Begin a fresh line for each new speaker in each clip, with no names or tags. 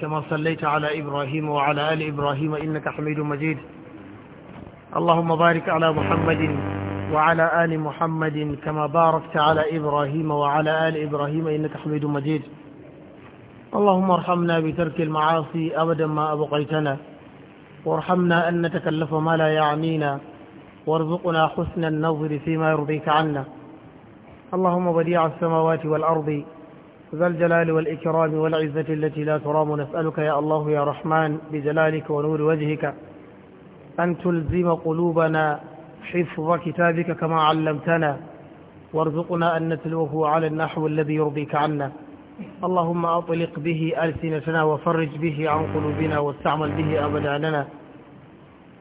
كما صليت على إبراهيم وعلى آل إبراهيم إنك حميد مجيد اللهم بارك على محمد وعلى آل محمد كما باركت على إبراهيم وعلى آل إبراهيم إنك حميد مجيد اللهم ارحمنا بترك المعاصي أبدا ما أبقيتنا وارحمنا أن نتكلف ما لا يعنينا وارزقنا حسن النظر فيما يرضيك عنا اللهم بديع السماوات والأرض ذا الجلال والإكرام والعزة التي لا ترام نسألك يا الله يا رحمن بجلالك ونور وجهك أن تلزم قلوبنا حفظ كتابك كما علمتنا وارزقنا أن نتلوه على النحو الذي يرضيك عنا اللهم أطلق به ألسنتنا وفرج به عن قلوبنا واستعمل به أبداننا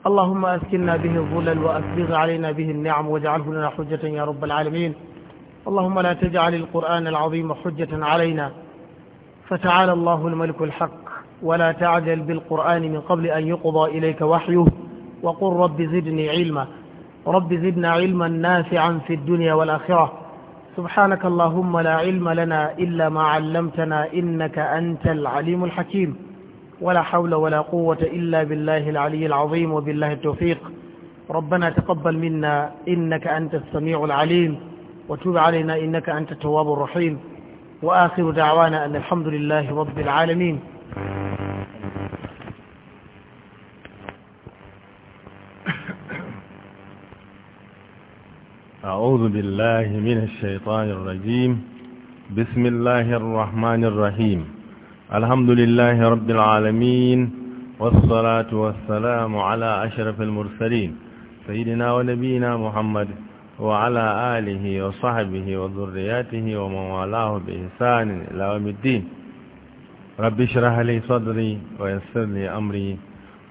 اللهم أسكننا به الظلل وأسبغ علينا به النعم واجعله لنا حجة يا رب العالمين اللهم لا تجعل القرآن العظيم حجة علينا فتعالى الله الملك الحق ولا تعجل بالقرآن من قبل أن يقضى إليك وحيه وقل رب زدني علما رب زدنا علما نافعا في الدنيا والآخرة سبحانك اللهم لا علم لنا إلا ما علمتنا إنك أنت العليم الحكيم ولا حول ولا قوة إلا بالله العلي العظيم وبالله التوفيق ربنا تقبل منا إنك أنت السميع العليم وتوب علينا إنك أنت التواب الرحيم وآخر دعوانا أن الحمد لله رب العالمين
أعوذ بالله من الشيطان الرجيم بسم الله الرحمن الرحيم الحمد لله رب العالمين والصلاة والسلام على أشرف المرسلين سيدنا ونبينا محمد وعلى آله وصحبه وذرياته ومن والاه بإحسان إلى يوم الدين رب اشرح لي صدري ويسر لي أمري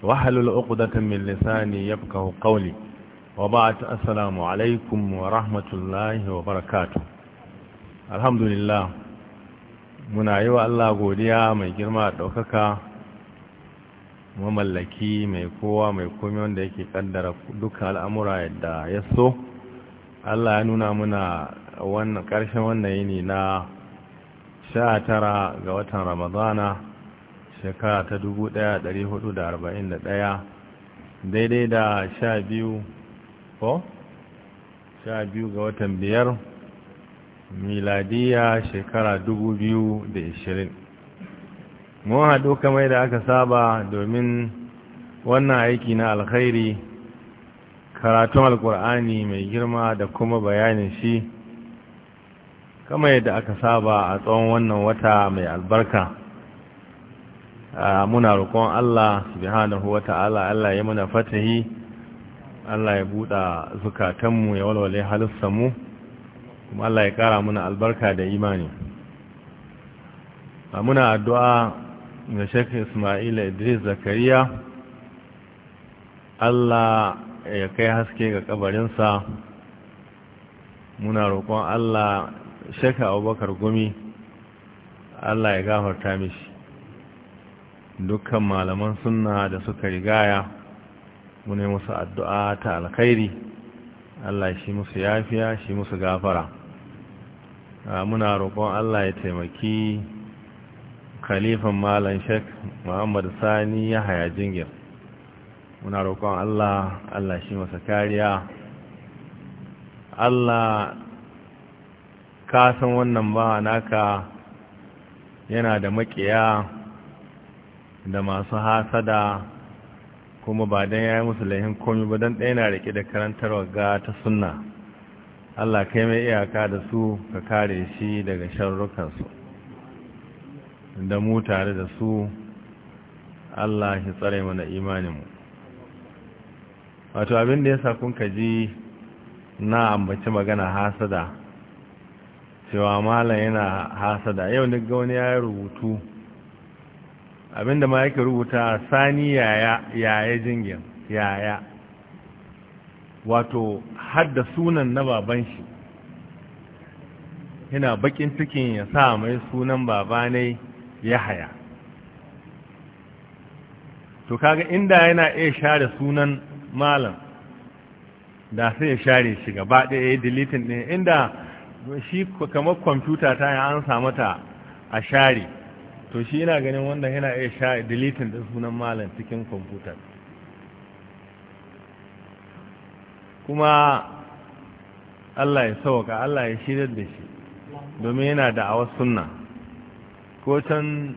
واحلل عقدة من لساني يفقه قولي وبعد السلام عليكم ورحمة الله وبركاته الحمد لله muna yi wa Allah godiya mai girma da ɗaukaka mamallaki mai kowa mai komi wanda yake kaddara duka al'amura yadda ya so Allah ya nuna muna wannan ƙarshen wannan yini na sha tara ga watan Ramadana shekara ta dubu ɗaya ɗari hudu da arba'in da ɗaya daidai da sha biyu ko? sha biyu ga watan biyar miladiya shekara dubu biyu da ishirin mun haɗu kamar da aka saba domin wannan aiki na alkhairi karatun alkur'ani mai girma da kuma bayanin shi kama yadda aka saba a tsawon wannan wata mai albarka muna roƙon Allah subhanahu wata Allah ya muna fatahi Allah ya buɗa zukatanmu ya walwale mu kuma Allah ya ƙara muna albarka da imani muna addu'a ga shekaru Ismail Idris Zakariya Allah ya kai haske ga kabarinsa muna roƙon Allah shaka abubakar gumi Allah ya gafarta mishi dukkan malaman sunna da suka rigaya mune musu addu'a ta alkhairi Allah shi musu yafiya shi musu gafara muna roƙon Allah ya taimaki khalifan malam shek Muhammadu sani ya haya jingir muna roƙon Allah Allah shi masa kariya Allah kasan wannan ba naka yana da makiya da masu hasada kuma ba don ya yi musu laihin komi ba don ɗaya na riƙe da karantarwa ga ta sunna Allah kai mai iyaka da su ka kare shi daga sharrukansu da mu tare da su Allah shi tsare mana imaninmu wato abin da ya sa kun kaji na ambaci magana hasada cewa malam yana hasada yau na ga wani ya rubutu da ma yake rubuta sani yaya yaya jingin yaya wato hadda sunan na baban shi yana bakin cikin ya sa mai sunan baba ne ya haya to kaga inda yana iya share sunan malam da sai ya share shi gaba ɗaya ya yi ɗin inda shi kamar kwamfuta ta yi an samu a share to shi yana ganin wanda yana iya share dilitin ɗin sunan malam cikin kwamfuta kuma Allah ya sauka Allah ya shirar da shi domin yana da awa sunna ko can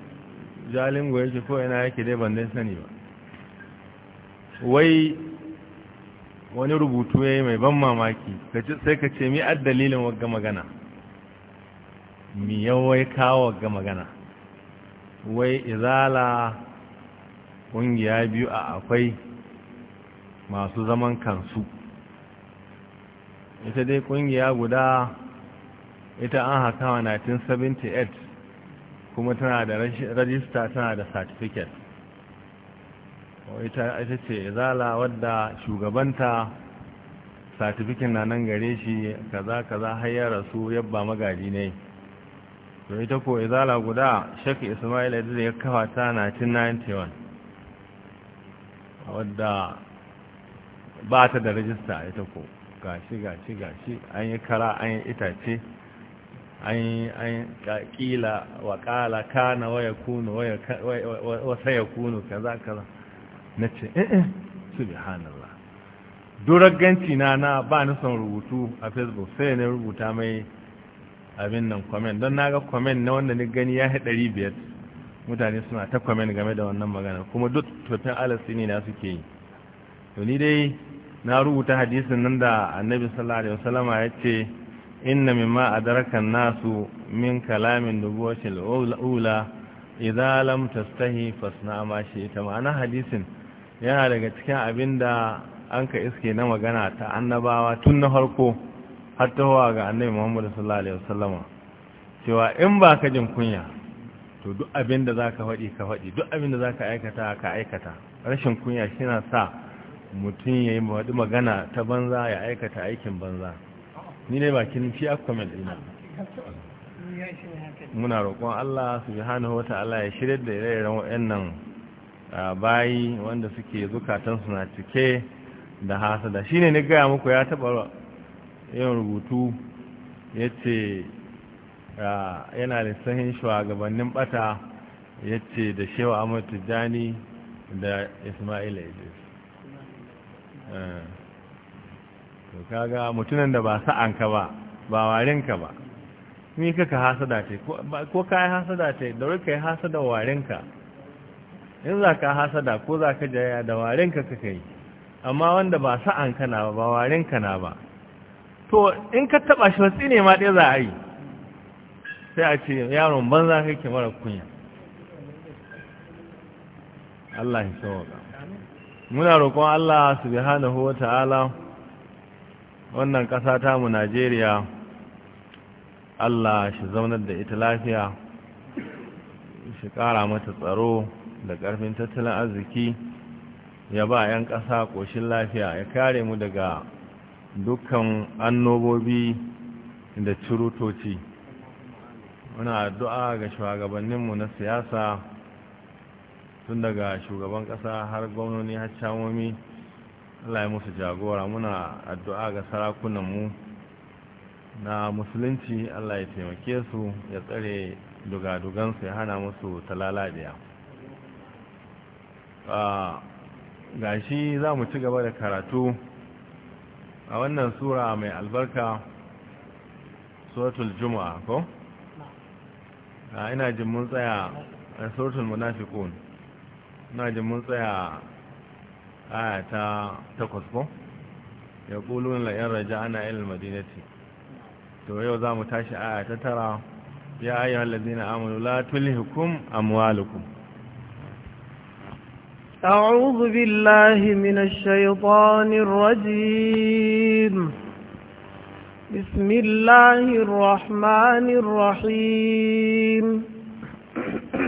jalingo yake ko yana yake dai ban dai sani ba wai wani rubutu ya yi mai ban mamaki sai ka ce mi a dalilin wagga magana mi yawai kawo wagga magana wai izala ƙungiya biyu a akwai masu zaman kansu ita dai ƙungiya guda ita an haka 1978 kuma tana da rajista tana da certificate ita ce izala wadda shugabanta satifikin na nan gare shi kaza kaza har ya su yabba magaji ne to ita ko izala guda shek ismail da ya kafa ta 1991 wadda ba ta da rajista ita ko gashi gashi gashi an yi kara an yi itace an ƙila kala kana waya kunu waya ya kunu kaza kaza na ce eh eh, subhanallah duragganci na na ba ni son rubutu a facebook sai na rubuta mai abin nan comment don naga ga comment na wanda ni gani ya ɗari biyar mutane suna ta comment game da wannan magana kuma duk tutun alasini na suke yi to ni dai na rubuta hadisin nan da annabi sallallahu alaihi wasallam ya ce inna mimma adraka nasu min kalamin nubuwatil ula idza lam tastahi fasna ma shi ta ma'ana hadisin yana daga cikin abin da an ka iske na magana ta annabawa tun na harko har tahowa ga annabi muhammadu sallallahu alaihi wasallama cewa in ba ka jin kunya to duk abin da za ka faɗi ka faɗi duk abin da za ka aikata ka aikata rashin kunya shi na sa mutum ya yi magana ta banza ya aikata aikin banza ni ne bakin shi akwamil ina muna roƙon allah su ji hannu ya shirya da ire-iren waɗannan bayi wanda suke zukatan na cike da hasada shi ne ni gaya muku ya taɓa yin rubutu ya ce yana lissahin shugabannin bata ya ce da shewa amur tijjani da ismail idris to kaga mutunan da ba sa'anka ba ba warinka ba ni kaka hasada ce ko kayan hasada ce da rika yi hasada warinka in za ka hasada ko za ka jaya da warinka ka kai amma wanda ba sa'an kana ba ba warinka na ba to in ka taba shi watsi ne ma ɗaya za a yi sai a ce yaron banza kake mara kunya Allah ya sauka muna roƙon Allah Su hana wa ta'ala wannan ƙasa ta mu Najeriya Allah shi zaunar da ita lafiya shi ƙara mata tsaro da ƙarfin tattalin arziki ya ba 'yan ƙasa ƙoshin lafiya ya kare mu daga dukkan annobobi da turutoci. muna addu'a ga shugabanninmu na siyasa tun daga shugaban ƙasa har gwamnoni har camomi Allah ya musu jagora muna addu'a ga sarakunanmu na musulunci Allah ya taimake su ya tsare dugadugansu ya hana musu talala biya ga shi za mu ci gaba da karatu a wannan sura mai albarka suratul juma'a ko? ina jin mun tsaya a suratul munafikun ina jin mun tsaya aya ta takwas ko? ya ƙulun la'in raja ana ilil madinati to yau za mu tashi aya ta tara ya ayyar lalzina amuru la tulhikum
أعوذ بالله من الشيطان الرجيم بسم الله الرحمن الرحيم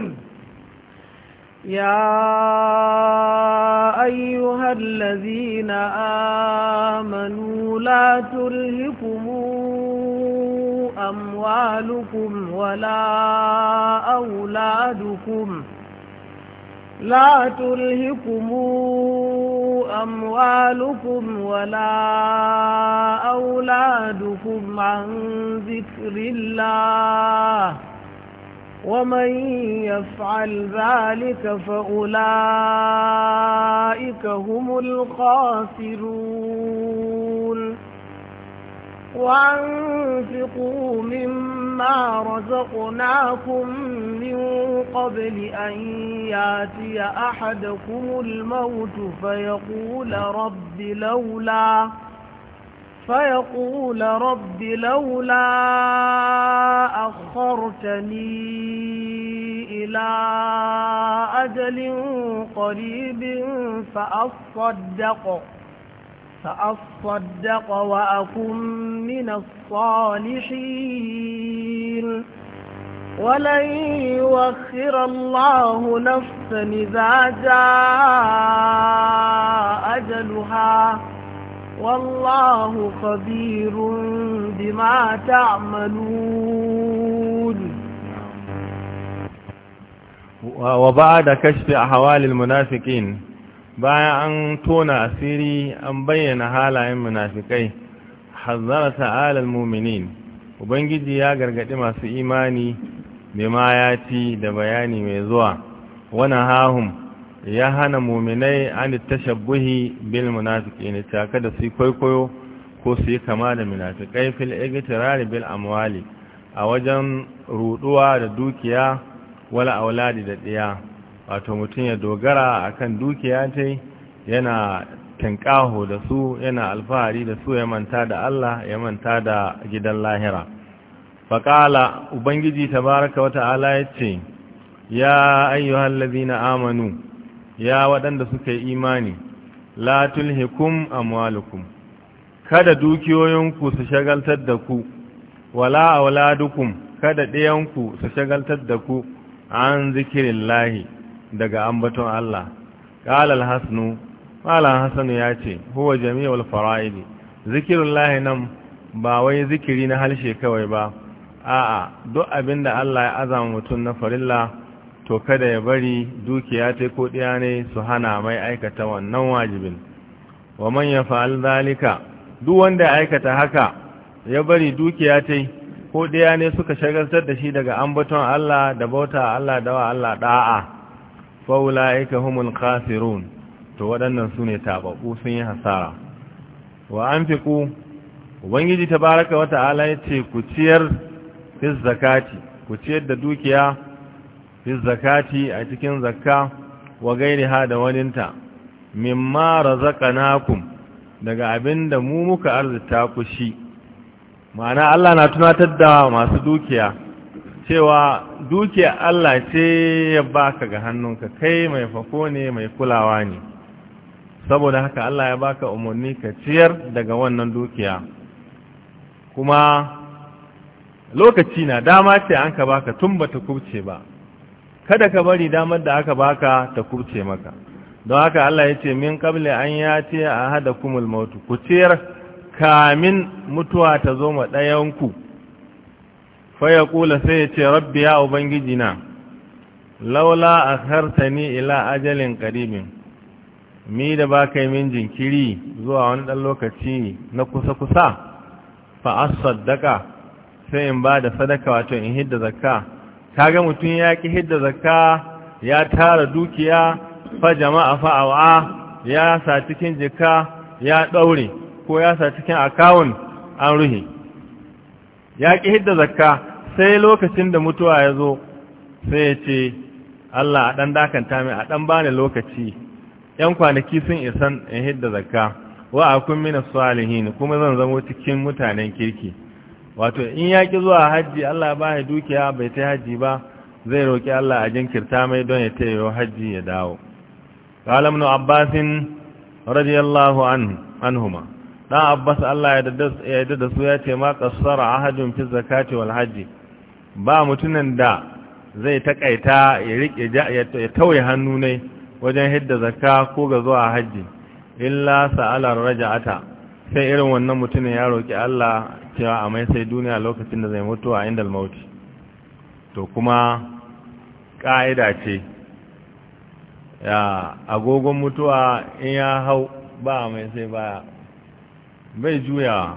يا أيها الذين آمنوا لا تلهكم أموالكم ولا أولادكم لا تلهكم أموالكم ولا أولادكم عن ذكر الله ومن يفعل ذلك فأولئك هم الخاسرون وأنفقوا مما ما رزقناكم من قبل أن ياتي أحدكم الموت فيقول رب لولا فيقول رب لولا أخرتني إلى أجل قريب فأصدق فأصدق وأكن من الصالحين ولن يوخر الله نفسا إذا جاء أجلها والله خبير بما تعملون
وبعد كشف أحوال المنافقين bayan an tona asiri an bayyana halayen munafikai hazara ta'ala almu'minin ubangiji ya gargaɗi masu imani ma ya da bayani mai zuwa wani hahun ya hana mu'minai an tashabbuhi bil ne taka da su kwaikwayo ko su yi kama da munafikai fil igtirari bil amwali a wajen ruduwa da dukiya wala auladi da diya wato mutum ya dogara a kan dukiya ta yana tankaho da su yana alfahari da su ya manta da Allah ya manta da gidan lahira faƙala ubangiji tabaraka ala, ya ce ya ayyuhal na amanu ya waɗanda suka yi imani la tulhikum amwalukum kada dukiyoyinku su shagaltar da ku wala auladukum kada ɗayanku su shagaltar da ku an zikirin lahi daga ambaton Allah ƙalal hasnu malam hasanu ya ce huwa jami'ul fara'idi zikirun lahi nan ba wai zikiri na halshe kawai ba a'a duk abinda Allah ya azama mutum na farilla to kada ya bari dukiya ta ko ɗiya ne su hana mai aikata wannan wajibin wa man ya fa'al zalika duk wanda aikata haka ya bari dukiya ta ko ɗaya ne suka shagaltar da shi daga ambaton Allah da bauta Allah da wa Allah da'a fa'ula'ika humul khasirun to waɗannan su ne taɓaɓu sun yi hasara wa an fi ku ubangiji ta baraka wata ala ya ce ku ciyar fis zakati ku ciyar da dukiya fis zakati a cikin zakka wa gairi ha da waninta mimma razaqnakum daga abin da mu muka arzita ku shi ma'ana Allah na tunatar da masu dukiya cewa dukiya Allah ce ya baka ga hannunka kai mai fako ne mai kulawa ne saboda haka Allah ya baka umarni ka ciyar daga wannan dukiya kuma lokaci na dama ce an ka baka tun ba ta kubce ba kada ka bari damar da aka baka ta kubce maka don haka Allah ya ce min kable an ya ce a hada kumul mautu ku ciyar kamin mutuwa ta zo ma ɗayanku ku faya kula sai ya ce rabbi ya ubangiji na laula a hartani ila ajalin karibin mi da ba kai min jinkiri zuwa wani dan lokaci na kusa-kusa fa'as saddaka sai in ba da sadaka wato in hidda zakka kaga mutum ya ki hidda zakka ya tara dukiya fa jama'a fa awa ya sa cikin jika ya ɗaure ko ya sa cikin akawun an ruhi ya ƙi hidda zakka sai lokacin da mutuwa ya zo sai ya ce Allah a ɗan dakanta mai a ɗan bani lokaci ‘yan kwanaki sun isan in hidda zakka wa a kun mina salihin kuma zan zamo cikin mutanen kirki wato in ya ƙi zuwa hajji Allah ba ya dukiya bai ta hajji ba zai roƙi Allah a jinkirta mai don ya ta yiwu hajji ya dawo. Ƙalamnu Abbasin radiyallahu anhuma. dan abbas Allah ya yadda da su ya ce ma qassara ahadun fi zakati wal hajji ba mutunan da zai takaita ya rike ya tauye hannu ne wajen hidda zakka ko ga zuwa hajji illa sa'ala raj'ata sai irin wannan mutumin ya roki Allah cewa a mai sai duniya lokacin da zai mutu a indal mauti to kuma ka'ida ce ya agogon mutuwa in ya hau ba mai sai baya bai juya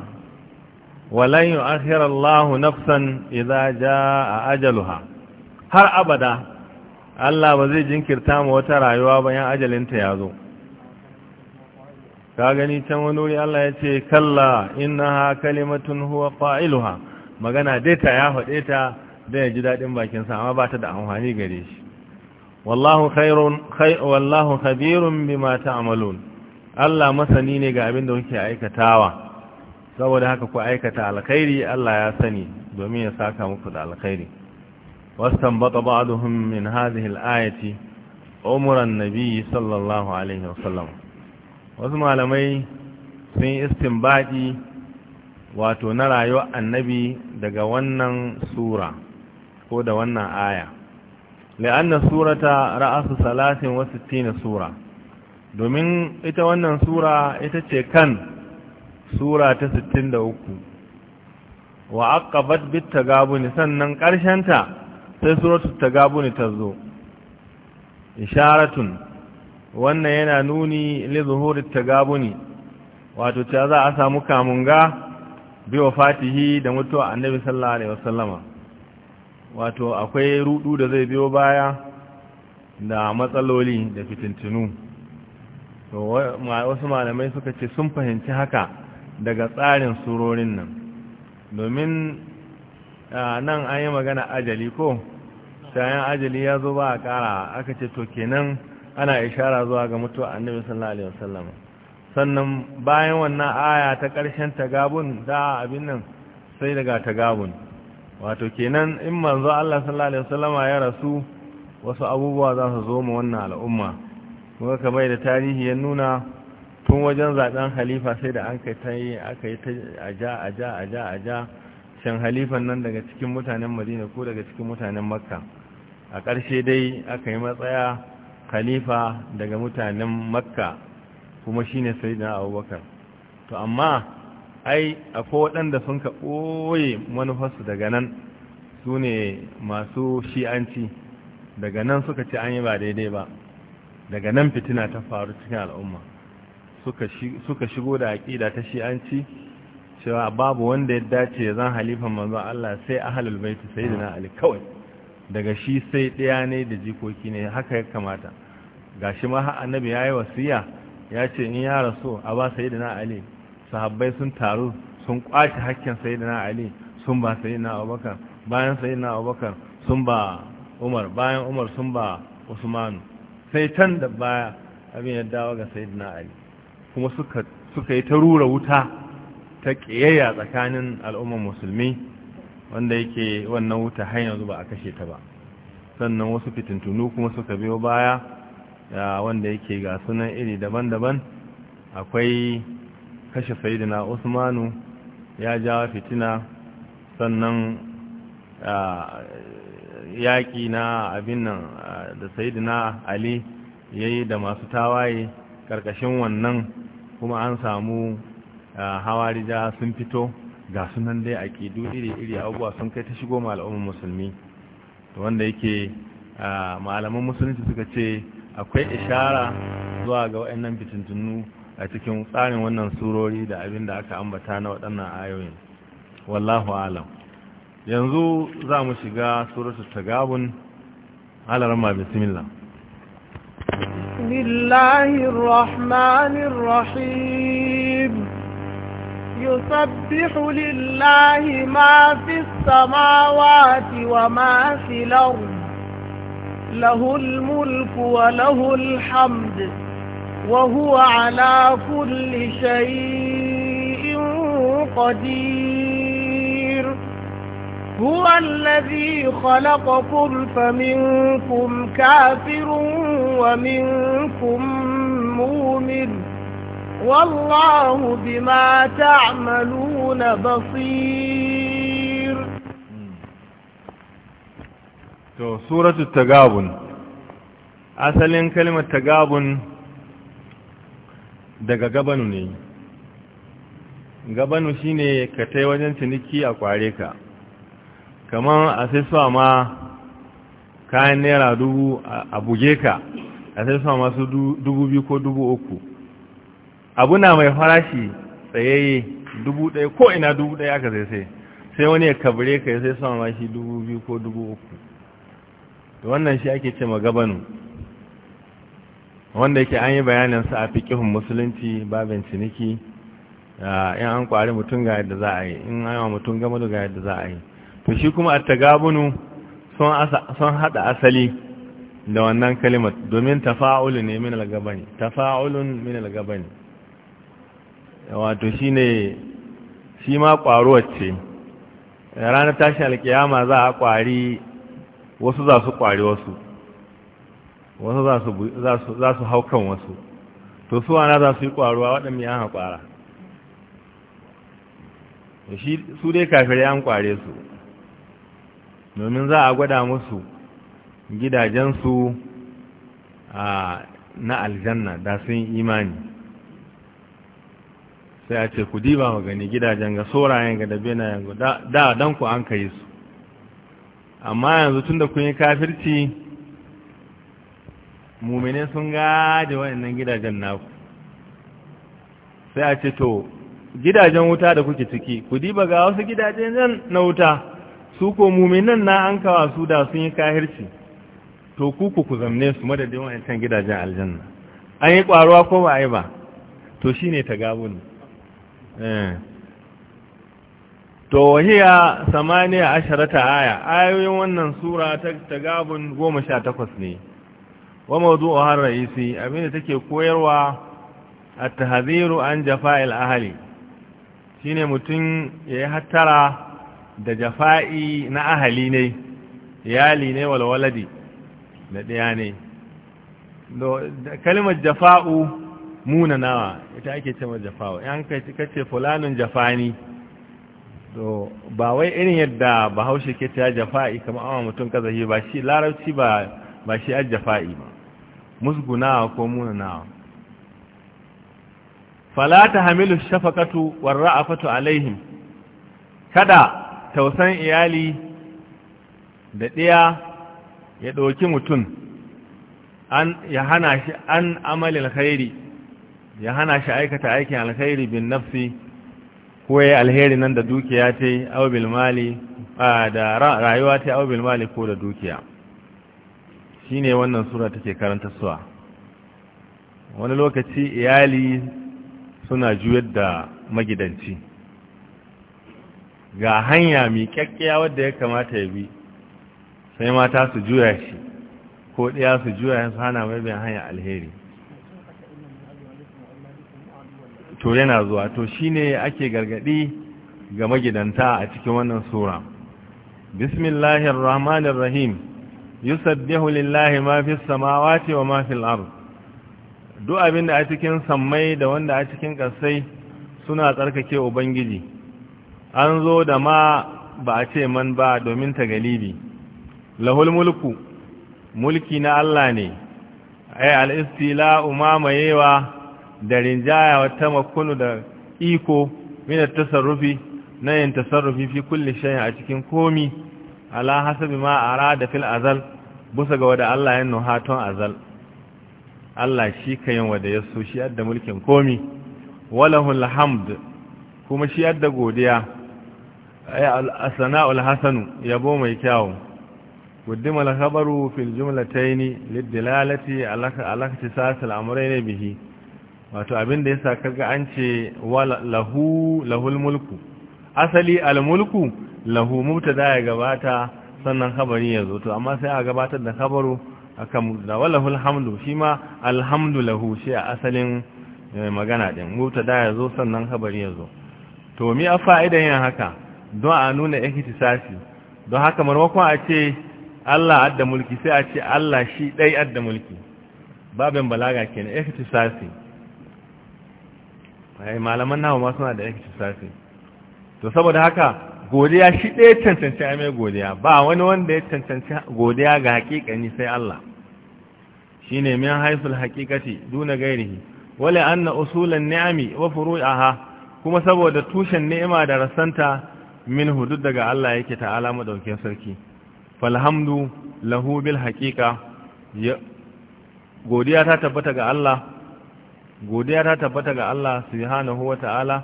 walan yu'akhir Allahu nafsan idza jaa ajaluha har abada Allah ba zai jinkirta mu wata rayuwa bayan ajalinta ya zo ka gani can wani wuri Allah ya ce kalla innaha kalimatun huwa fa'iluha magana dai ya faɗe ta da ya ji daɗin bakinsa amma ba ta da amfani gare shi wallahu khairun wallahu khabirun bima Allah masani ne ga abin da kuke aikatawa saboda haka ku aikata alkhairi Allah ya sani domin ya saka muku da alkhairi bata ba'dhum min hadhihi al-ayati umuran nabiy sallallahu alaihi wasallam wasu malamai sun istinbadi wato na rayuwar annabi daga wannan sura ko da wannan aya la'anna surata ra'asu 63 sura domin ita wannan sura ita ce kan sura ta 63 wa aqabat bit tagabuni sannan karshenta sai suratul tagabuni ta zo isharatun wannan yana nuni li zuhurit tagabuni wato ta za a samu kamunga bi Fatihi da mutuwa annabi sallallahu alaihi wasallama wato akwai rudu da zai biyo baya da matsaloli da fitintinu wasu malamai suka ce sun fahimci haka daga tsarin surorin nan domin nan an yi magana ajali ko shayan ajali ya zo ba a kara aka ce to kenan ana ishara zuwa ga mutuwa annabi sallallahu alaihi wasallam sannan bayan wannan aya ta ƙarshen tagabun da abin nan sai daga tagabun wato kenan in manzo Allah sallallahu alaihi wasallama ya rasu wasu abubuwa za su zo mu wannan al'umma Kuma kamar da tarihi ya nuna tun wajen zaɓen halifa sai da an kai ta yi aka yi ta aja aja aja aja can halifan nan daga cikin mutanen madina ko daga cikin mutanen makka a ƙarshe dai aka yi matsaya khalifa daga mutanen makka kuma shi ne sai da abubakar to amma ai akwai waɗanda sun ka ɓoye manufarsu daga nan su ne masu shi'anci daga nan suka ce an yi ba daidai ba daga nan fitina ta faru cikin al'umma suka shigo da aƙida ta shi'anci cewa babu wanda ya dace ya zan halifan manzon Allah sai ahlul bait sayyidina ali kawai daga shi sai ɗaya ne da jikoki ne haka ya kamata gashi ma har annabi yayi wasiya ya ce in ya rasu a ba sayyidina ali sahabbai sun taru sun kwace hakkin sayyidina ali sun ba sayyidina abubakar bayan sayyidina abubakar sun ba umar bayan umar sun ba usmanu sai can da baya abin ya dawo ga sayyidina ali kuma suka yi ta rura wuta ta ƙiyayya tsakanin al'ummar musulmi wanda yake wannan wuta har yanzu ba a kashe ta ba sannan wasu fitintunu kuma suka biyo baya wanda yake ga sunan iri daban-daban akwai kashe sayyidina usmanu ya jawo fitina sannan yaƙi na abin nan da sayidina ali ya yi da masu tawaye ƙarƙashin wannan kuma an samu hawarija sun fito ga sunan dai a ƙidu iri-iri abubuwa sun kai ta shigo malamin musulmi wanda yake malaman musulunci suka ce akwai ishara zuwa ga waɗannan fitintunu a cikin tsarin wannan surori da abin da aka ambata na waɗannan ayoyin wallahu alam yanzu za mu shiga suratul tagabun alarma bismillah
bismillahir rahmanir rahim yusabbihu lillahi ma fis samawati wa ma fil ard lahul mulku wa lahul hamd wa huwa ala kulli shay'in qadir هو الذي خلقكم فمنكم كافر ومنكم مؤمن والله بما تعملون بصير
تو سورة التقابن أصل كلمة تقابن دقا gabanu ne gabanu shine ka tai kamar a sai ma kayan naira dubu a buge ka a sai masu dubu biyu ko dubu uku abu na mai farashi tsayayye dubu ɗaya ko ina dubu ɗaya aka sai sai sai wani ya kabare ka ya sai sama ma shi dubu biyu ko dubu uku da wannan shi ake ce magabanu wanda yake an yi bayaninsa a fikihun musulunci babin ciniki in an kwari mutum ga yadda za a yi in an yi wa mutum gama ga yadda za a yi to shi kuma a tagabunu sun haɗa asali da wannan kalimat domin tafa'ulu ne min al-gabani tafa'ulun min al-gabani wato shine shi ma kwaruwar ce ranar tashin alkiyama za a kwari wasu za su kwari wasu wasu za su hau wasu to su ana za su yi kwaruwa waɗanda ya haƙwara su dai kafirai an kware su domin za a gwada musu gidajensu a na aljanna da sun imani sai a ce ku diba wa gani gidajen ga saurayen ga dabe na ga da dan ku an kai su amma yanzu tun da kun yi kafirci mummine sun gaje wa'annan gidajen naku sai a ce to gidajen wuta da kuke ciki ku diba ga wasu gidajen na wuta su ko muminan na an kawa su da sun yi kahirci to ku ku ku zamne su madadin wa'ancan gidajen aljanna an yi ƙwaruwa ko ba a yi ba to shi ne ta gabo ne eh. to wahiya samaniya asharata aya ayoyin wannan sura ta gabo goma sha takwas ne wa mawdu'u har ra'isi abinda take koyarwa at-tahziru an jafa'il ahli shine mutum yayi hattara da jafa'i na ahali ne iyali ne walwaladi da ɗaya ne kalimar jafa'u munanawa ita ake ce mai jafa'u yan kace fulanin jafani to ba wai irin yadda bahaushe ke ta jafa'i kamar awa mutum kazahi ba shi larabci ba ba shi a jafa'i ba musgunawa ko munanawa fala ta hamilu shafaqatu warra'afatu alaihim kada tausan iyali da ɗaya ya ɗauki mutum an ya hana shi an amalin alkhairi ya hana shi aikata aikin alkhairi bin nafsi ko ya yi alheri nan da dukiya ta yi mali da rayuwa ta au bil mali ko da dukiya Shi ne wannan sura take karanta suwa wani lokaci iyali suna juyar da magidanci ga hanya mai kyakkiya wadda ya kamata ya bi sai mata su juya shi ko ɗaya su juya su hana mai bayan hanya alheri to yana zuwa to shi ne ake gargaɗi ga magidanta a cikin wannan sura bismillahir rahmanir rahim yusabbihu lillahi ma fis samawati wa ma fil ard duk abinda a cikin sammai da wanda a cikin kasai suna tsarkake ubangiji an zo da ma ba a ce man ba domin ta galibi lahul mulku mulki na Allah ne ai al'istila umamayewa da rinjaya wa makunu da iko min tasarrufi na yin tasarrufi fi kulli shay'in a cikin komi ala hasabi ma arada fil azal busa ga wada Allah ya haton azal Allah shi kayan wada ya so shi adda mulkin komi walahul hamd kuma shi adda godiya sana'ul hasanu yabo mai kyawun قدم الخبر في الجملتين للدلالة على اختصاص الأمرين bihi. wato abin da yasa kaga an ce lahu lahul mulku asali al mulku lahu mubtada ya gabata sannan khabari yazo to amma sai a gabatar da khabaru akan da walahul hamdu shima alhamdu lahu shi a asalin magana din mubtada yazo sannan khabari yazo to me a fa'idan yin haka don a nuna ihtisasi don haka marwakon a ce Allah adda mulki sai a ce Allah shi ɗai adda mulki babin balaga kenan ihtisasi ai malaman nawa masu suna da ihtisasi to saboda haka godiya shi ɗaya cancanci a mai godiya ba wani wanda ya cancanci godiya ga hakikani sai Allah shi ne min haifar hakikati duna gairihi wale an na usulan ni'ami wa furu'aha kuma saboda tushen ni'ima da rasanta min hudud daga Allah yake ta'ala madaukin sarki falhamdu lahu bil haqiqa godiya ta tabbata ga Allah godiya ta tabbata ga Allah subhanahu wa ta'ala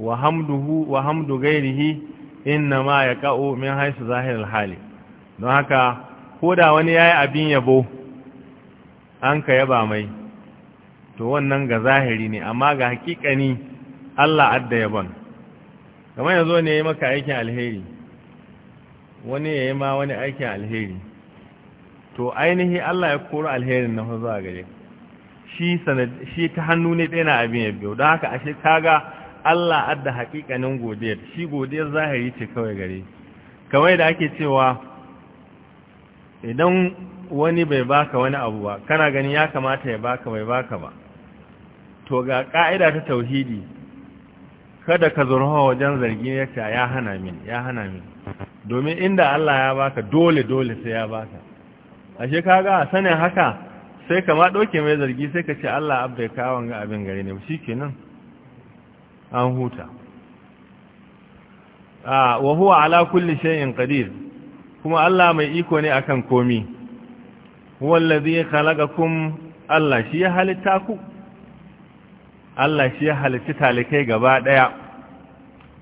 wa hamduhu wa hamdu ghairihi ma yaqa'u min haythu zahirar hali don haka ko da wani yayi abin yabo an ka yaba mai to wannan ga zahiri ne amma ga hakikani Allah adda yabon kamar yanzu wani ya yi maka aikin alheri wani ya yi ma wani aikin alheri to ainihi Allah ya koro alherin na zuwa gare shi ta hannu ne ɗaya na abin ya biyo don haka ashe kaga Allah adda haƙiƙanin godiyar shi godiyar zahiri ce kawai gare kawai da ake cewa idan wani bai baka wani abu ba kana gani ya kamata ya baka bai baka ba to ga ƙa'ida ta tauhidi kada ka zurfa wajen zargi ya ce ya hana min ya hana min domin inda Allah ya baka dole dole sai ya baka ashe kaga sanin haka sai ka ma mai zargi sai ka ce Allah abda ya kawo ga abin gare ne shikenan an huta ah wa huwa ala kulli shay'in qadir kuma Allah mai iko ne akan komi huwa allazi khalaqakum Allah shi ya halitta ku Allah shi ya halitti talikai gaba ɗaya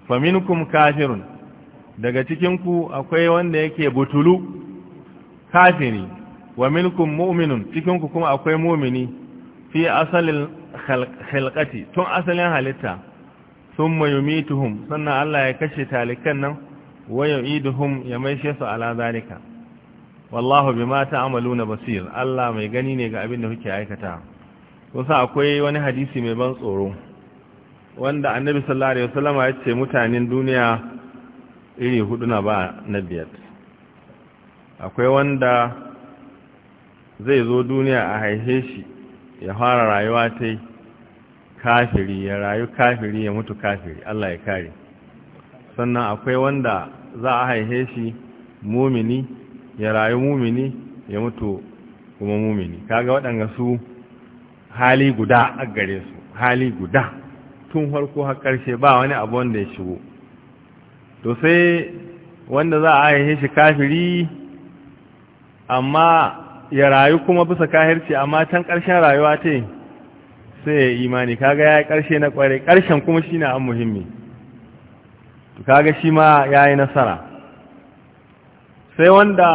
faminkum kafirun daga cikinku akwai wanda yake butulu kafiri wa minkum mu'minun cikinku kuma akwai mu'mini fi asalin khalqati tun asalin halitta thumma tuhum sannan Allah ya kashe talikan nan wa yu'iduhum ya maishe su ala zalika wallahu amalu na basir Allah mai gani ne ga abin da kuke aikata kusa akwai wani hadisi mai ban tsoro wanda annabi sallallahu alaihi wasallama ya ce mutanen duniya iri hudu na ba na biyar akwai wanda zai zo duniya a haihe shi ya fara rayuwa ta kafiri ya rayu kafiri ya mutu kafiri Allah ya kare sannan akwai wanda za a haihe shi mumini ya rayu mumini ya mutu kuma mumini kaga waɗanda su hali guda a gare su hali guda tun farko har karshe ba wani abu wanda ya shigo to sai wanda za a yi shi kafiri amma ya rayu kuma bisa kahirci amma can karshen rayuwa ce sai ya imani kaga ya yi karshe na kware karshen kuma shi na an muhimmi kaga shi ma ya yi nasara sai wanda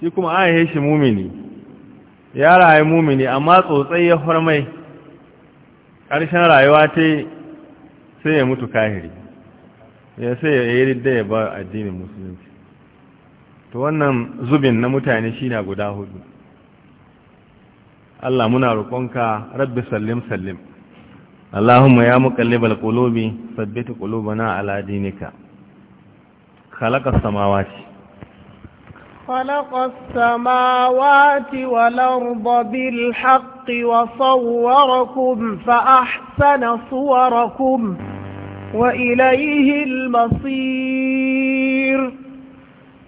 shi kuma an yi shi mumini ya rayu mumini amma tsotsai ya farmai ƙarshen rayuwa ta sai ya mutu kahiri ya sai ya yi ridda ya ba addinin musulunci Ta wannan zubin na mutane shi na guda hudu Allah muna roƙonka rabbi sallim sallim Allahumma ya muqallibal qulubi sabbit qulubana ala dinika khalaqa samawati
خلق السماوات والأرض بالحق وصوركم فأحسن صوركم وإليه المصير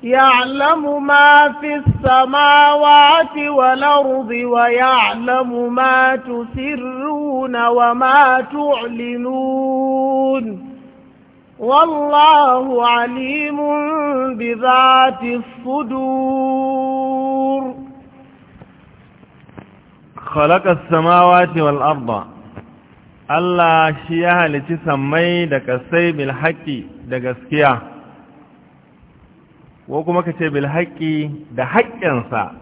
يعلم ما في السماوات والأرض ويعلم ما تسرون وما تعلنون والله عليم بذات الصدور
خلق السماوات والأرض Allah shi ya halicci sammai da kasai bilhaƙi da gaskiya ko kuma ka ce bilhaƙi da haƙƙinsa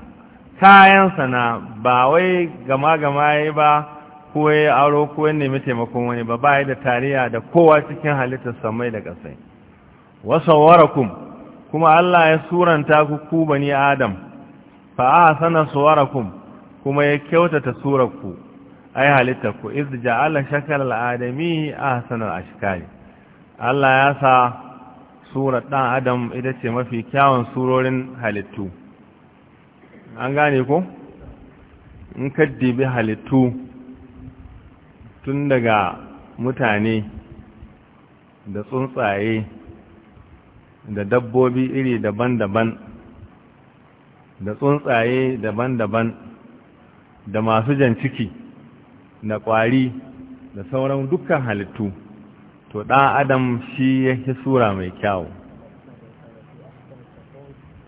kayansa na ba wai gama-gama ba ko ya yi aro ko ya nemi taimakon wani ba bai da tariya da kowa cikin halittar samai da ƙasai wasawarakum kuma Allah ya suranta ku ku bani Adam fa ahsana suwarakum kuma ya kyautata surarku ai halittar ku ja ja'ala shakal al-adami ahsana a ashkali Allah ya sa surar dan Adam ita ce mafi kyawun surorin halittu an gane ko in kaddibi halittu tun daga mutane da tsuntsaye da dabbobi iri daban-daban da tsuntsaye daban-daban da masu jan ciki da ƙwari da sauran dukkan halittu to ɗan adam shi yake sura mai kyawu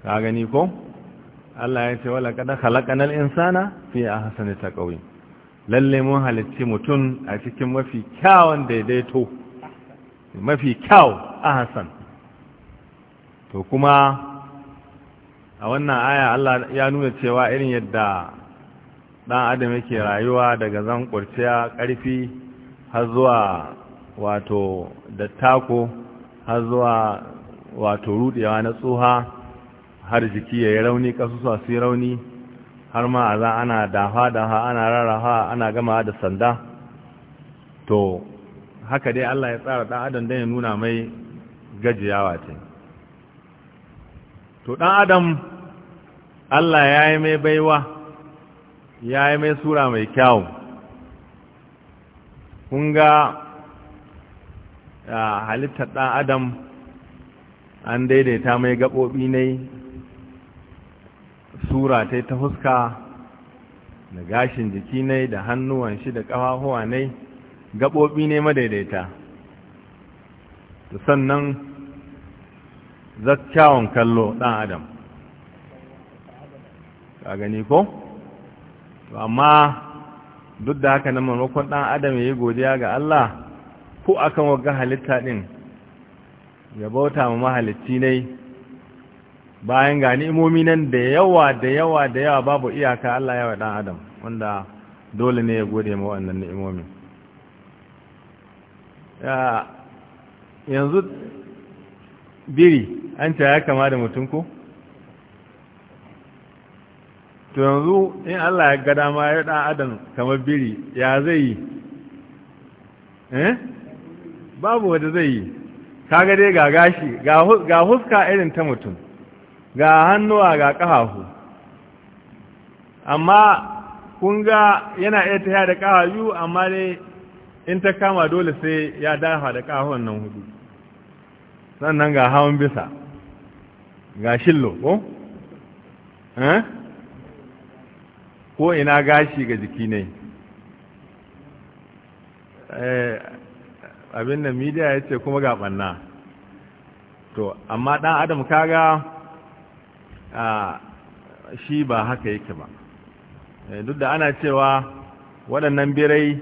ka gani ko? Allah ya ce wala kada halakanar insana fi a hasani ta ƙauye. lalle mun halicci mutum a cikin mafi kyawun daidaito mafi kyau a hassan to kuma a wannan aya Allah ya nuna cewa irin yadda ɗan adam yake rayuwa daga zan kurciya karfi har zuwa wato dattako har zuwa wato rudewa na tsoha har jiki yayi rauni kasusuwa su yi rauni har ma a za ana dafa dafa ana raraha ana gama da sanda to haka dai Allah ya tsara ɗan adam dan ya nuna mai gajiyawa ce to dan adam Allah ya yi mai baiwa ya yi mai sura mai kyau kun ga halittar ɗan adam an daidaita mai gaɓoɓi ne sura ta ta fuska da gashin jiki ne da hannuwan shi da ƙafafuwa ne gaɓoɓi ne madaidaita da sannan zakkyawan kallo ɗan adam ka gani ko? amma duk da haka nan maimakon ɗan adam ya yi godiya ga Allah ko akan wagga halitta ɗin ya bauta ma mahalicci ne bayan ga ni'imomi nan da yawa da yawa da yawa babu iyaka Allah ya wa dan adam wanda dole ne ya gode ma wannan ni'imomi ya yanzu biri an ta ya kama da mutum ko to yanzu in Allah ya ga dama ya dan adam kamar biri ya zai yi eh babu wanda zai yi kaga dai ga gashi ga huska irin ta mutum ga hannuwa ga ƙafafu amma kun ga yana iya tafiya da biyu amma dai in ta kama dole sai ya dafa da ƙafafun nan hudu sannan ga hawan bisa ga shillo ko? Eh? ko ina gashi ga jiki ne eh, abin da midiya ya ce kuma ga ɓanna to amma ɗan adam kaga shi ba haka yake ba eh, duk da ana cewa waɗannan birai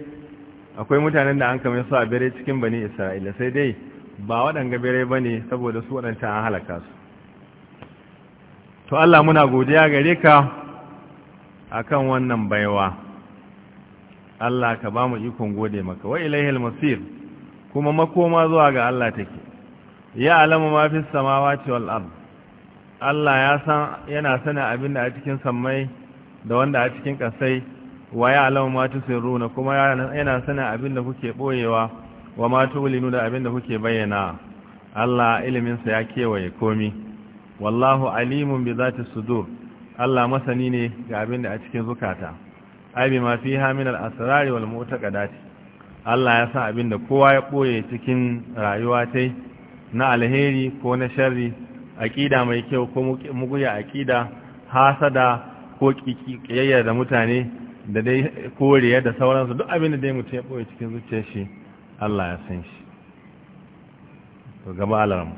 akwai mutanen da an kama su a birai cikin bani isra'ila sai dai ba waɗanga birai ba ne saboda su waɗanta an halaka su to Allah muna godiya gare ka A kan wannan baiwa Allah ka ba mu ikon gode maka wa ilaihil masir kuma makoma zuwa ga Allah take ya alama ma samawa samawati wal Allah ya san yana sanin abin da a cikin sammai da wanda a cikin kasai wa ya alama matu ma runa kuma yana sanin abin da kuke boyewa wa matu tulinu da abin da kuke bayyana Allah iliminsa ya kewaye komi wallahu alimun bi zati sudur Allah masani ne ga abin da a cikin zukata ai bi ma fiha min al-asrar wal mu'taqadat Allah ya san abin da kowa ya boye cikin rayuwa tai na alheri ko na sharri aƙida mai kyau ko muguya aƙida hasada ko ƙiyayya da mutane da dai koriya da sauransu duk abin da dai mutum ya ɓoye cikin zuciyar shi Allah ya san shi to gaba alaram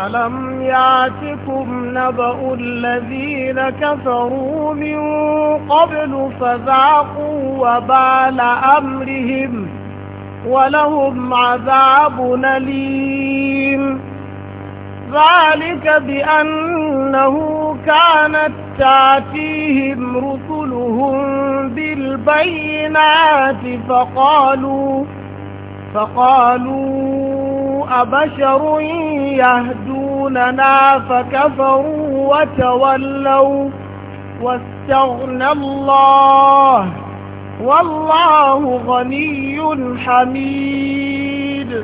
ألم يعتكم نبأ الذين كفروا من قبل فذاقوا وبال أمرهم ولهم عذاب أليم ذلك بأنه كانت تاتيهم رسلهم بالبينات فقالوا فقالوا أبشر يهدوننا فكفروا وتولوا واستغنى الله والله غني حميد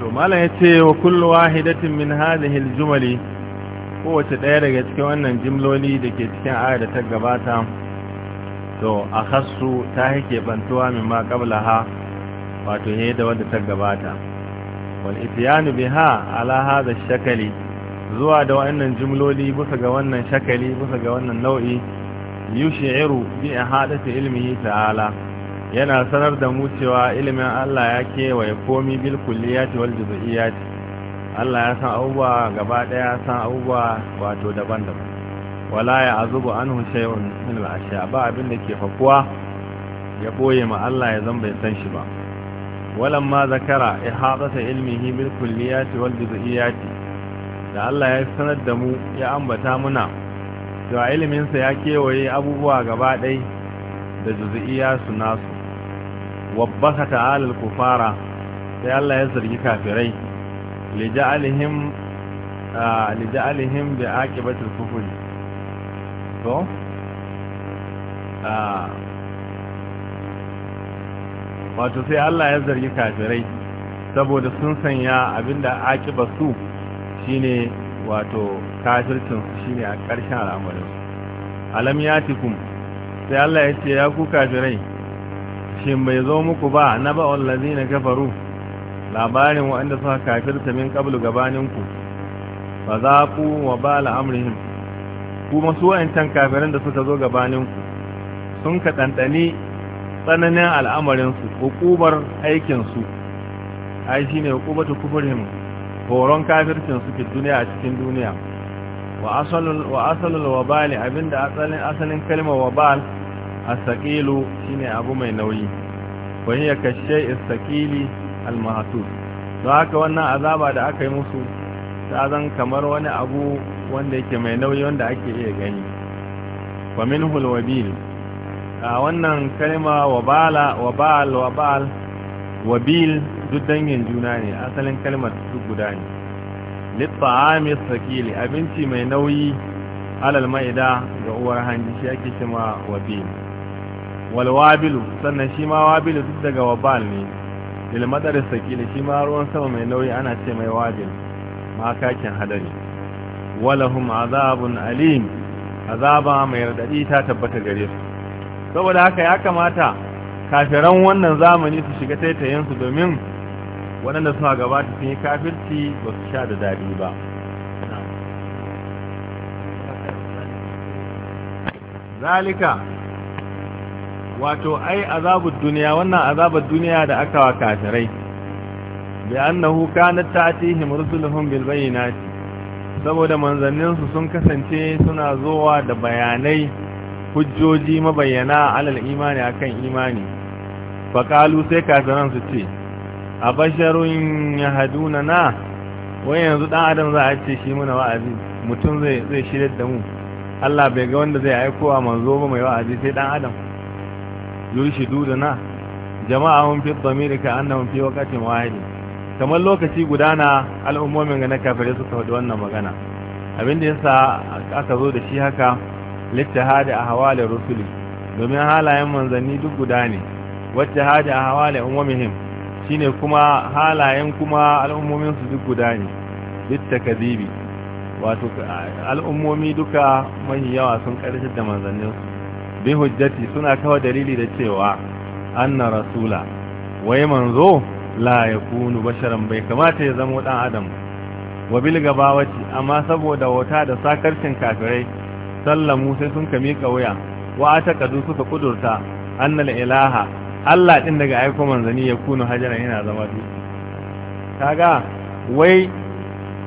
to malam ya ce wa kullu wahidatin min hadhihi aljumali kowace daya daga cikin wannan jimloli da ke cikin ayar da ta gabata to a akhassu ta yake bantuwa min ma qablaha wato ne da wanda ta gabata wal ityanu biha ala hadha shakali zuwa da wannan jimloli bisa ga wannan shakali bisa ga wannan nau'i yushiru bi ahadati ilmihi ta'ala yana sanar da mu cewa ilimin Allah ya kewaye komi bil kulliyati wal juz'iyati Allah ya san abubuwa gaba daya san abubuwa wato daban-daban wala ya azubu anhu shay'un min al ba abin da ke fakuwa ya boye ma Allah ya zan bai san shi ba ma zakara ihadata ilmihi bil kulliyati wal juz'iyati da Allah ya sanar da mu ya ambata muna cewa iliminsa ya kewaye abubuwa gaba daya da juzi'iya su nasu wabbaka ta'ala al-kufara sai Allah ya zargi kafirai lija'alihim lija'alihim bi aqibati al-kufr to wato sai Allah ya zargi kafirai saboda sun sanya abinda aqiba su shine wato kafircin su shine a ƙarshen al'amarin alam yatikum sai Allah ya ce ya ku kafirai shin bai zo muku ba na ba wallazi na kafaru labarin waɗanda suka kafirta min ƙablu gabaninku ba za ku wa ba al'amurin kuma su wa'ancan kafirin da suka zo gabaninku sun ka ɗanɗani tsananin al'amarinsu hukubar aikinsu ai shi ne ta kufurin horon kafircin suke duniya a cikin duniya wa asalin wa bali abinda asalin kalmar wa bal asakilu shine abu mai nauyi wahiyar kashe isaƙili almahatus don haka wannan azaba da aka yi musu ta zan kamar wani abu wanda yake mai nauyi wanda ake iya gani wa min hulwabil a wannan kalma wabala wabal wabal wabil duk dangin juna ne asalin kalmar duk guda ne litta'ami sakili abinci mai nauyi alal ma'ida ga uwar hanji shi ake cewa wabil Walwabilu, sannan shi ma wabilu duk daga wabal ne lil sakila shi ma ruwan sama mai nauyi ana ce mai wabil ma kakin hadari walahum azabun alim azaba mai radadi ta tabbata gare su saboda haka ya kamata kafiran wannan zamani su shiga taitayensu domin waɗanda suna gabata sun yi kafirci ba su sha da daɗi ba zalika wato ai azabud duniya wannan azabar duniya da aka wa kafirai bi annahu kanat ta'tihim rusuluhum bil bayyinati saboda manzannin su sun kasance suna zuwa da bayanai hujjoji mabayyana alal imani akan imani fa qalu sai kafiran su ce abasharun yahduna na wai yanzu dan adam za a ce shi muna wa'azi mutum zai zai shirye da mu Allah bai ga wanda zai aiko a manzo ba mai wa'azi sai dan adam yurshiduna jama'ahum fi dhamiri ka annahum fi waqtin wahid kamar lokaci gudana al'ummomin ga na kafirai suka da wannan magana abinda yasa aka zo da shi haka littihadi a hawali rusuli domin halayen manzanni duk guda ne wacce hadi a hawali ummihim shine kuma halayen kuma al'ummomin su duk guda ne littakadibi wato al'ummomi duka mahi yawa sun karshe da manzanninsu bi hujjati suna kawo dalili da cewa anna rasula wai manzo la yakunu basharan bai kamata ya zama dan adam wa bil gabawati amma saboda wata da sakarcin kafirai sallamu sai sun kame kauya wa ataqadu suka kudurta la ilaha Allah din daga aiko manzani ya kunu hajaran yana zama dutse kaga wai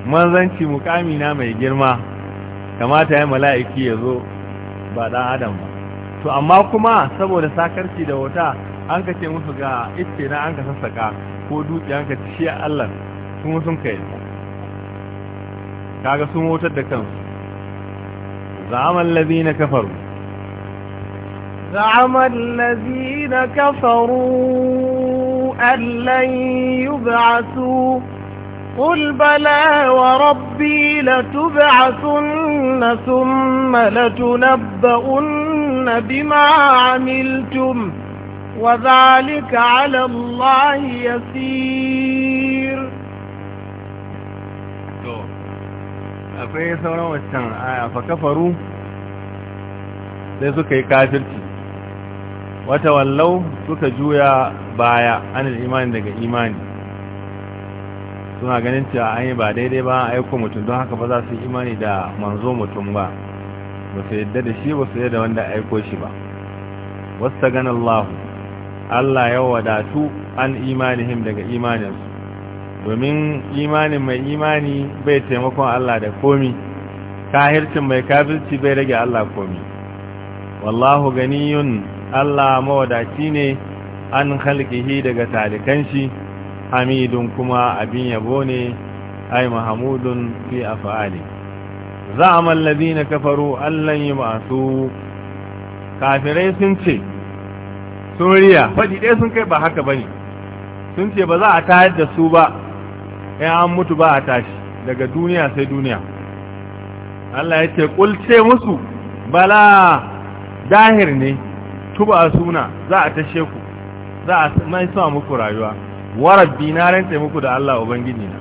manzanci mukami na mai girma kamata ya mala'iki ya zo ba dan adam ba to amma kuma saboda sakarci da wuta an ka ce musu ga ice na an ka sassaka ko dutse an ka ci shi Allah sun sun kai kaga sun wutar da kansu zaman lazina kafaru
زعم الذين كفروا أن لن يبعثوا قل بلى وربي لتبعثن ثم لتنبؤن تجزون بما عملتم وذلك على الله يسير akwai sauran waccan aya fa kafaru
sai suka yi kafirci wata wallau suka juya baya anil imani daga imani suna ganin cewa an yi ba daidai ba aiko mutum don haka ba za su yi imani da manzo mutum ba ba su yadda da shi ba su yadda wanda aiko shi ba wasta ganin Allah Allah ya wadatu an imanihim daga imaninsu domin imanin mai imani bai taimakon Allah da komi kahircin mai kafirci bai rage Allah komi wallahu gani ganiyun Allah mawadaci ne an halkihi daga talikan shi hamidun kuma abin yabo ne ai mahamudun fi fa'ali. زعم الذين kafaru أن لن يبعثوا kafirai sun ce soriya faɗi ɗaya sun kai ba haka ba ne sun ce ba za a tayar da su ba ya an mutu ba a tashi daga duniya sai duniya Allah ya ce ƙulce musu bala dahir ne tuba a suna za a tashe ku za a mai sa muku rayuwa warabbi na rantse muku da Allah Ubangiji na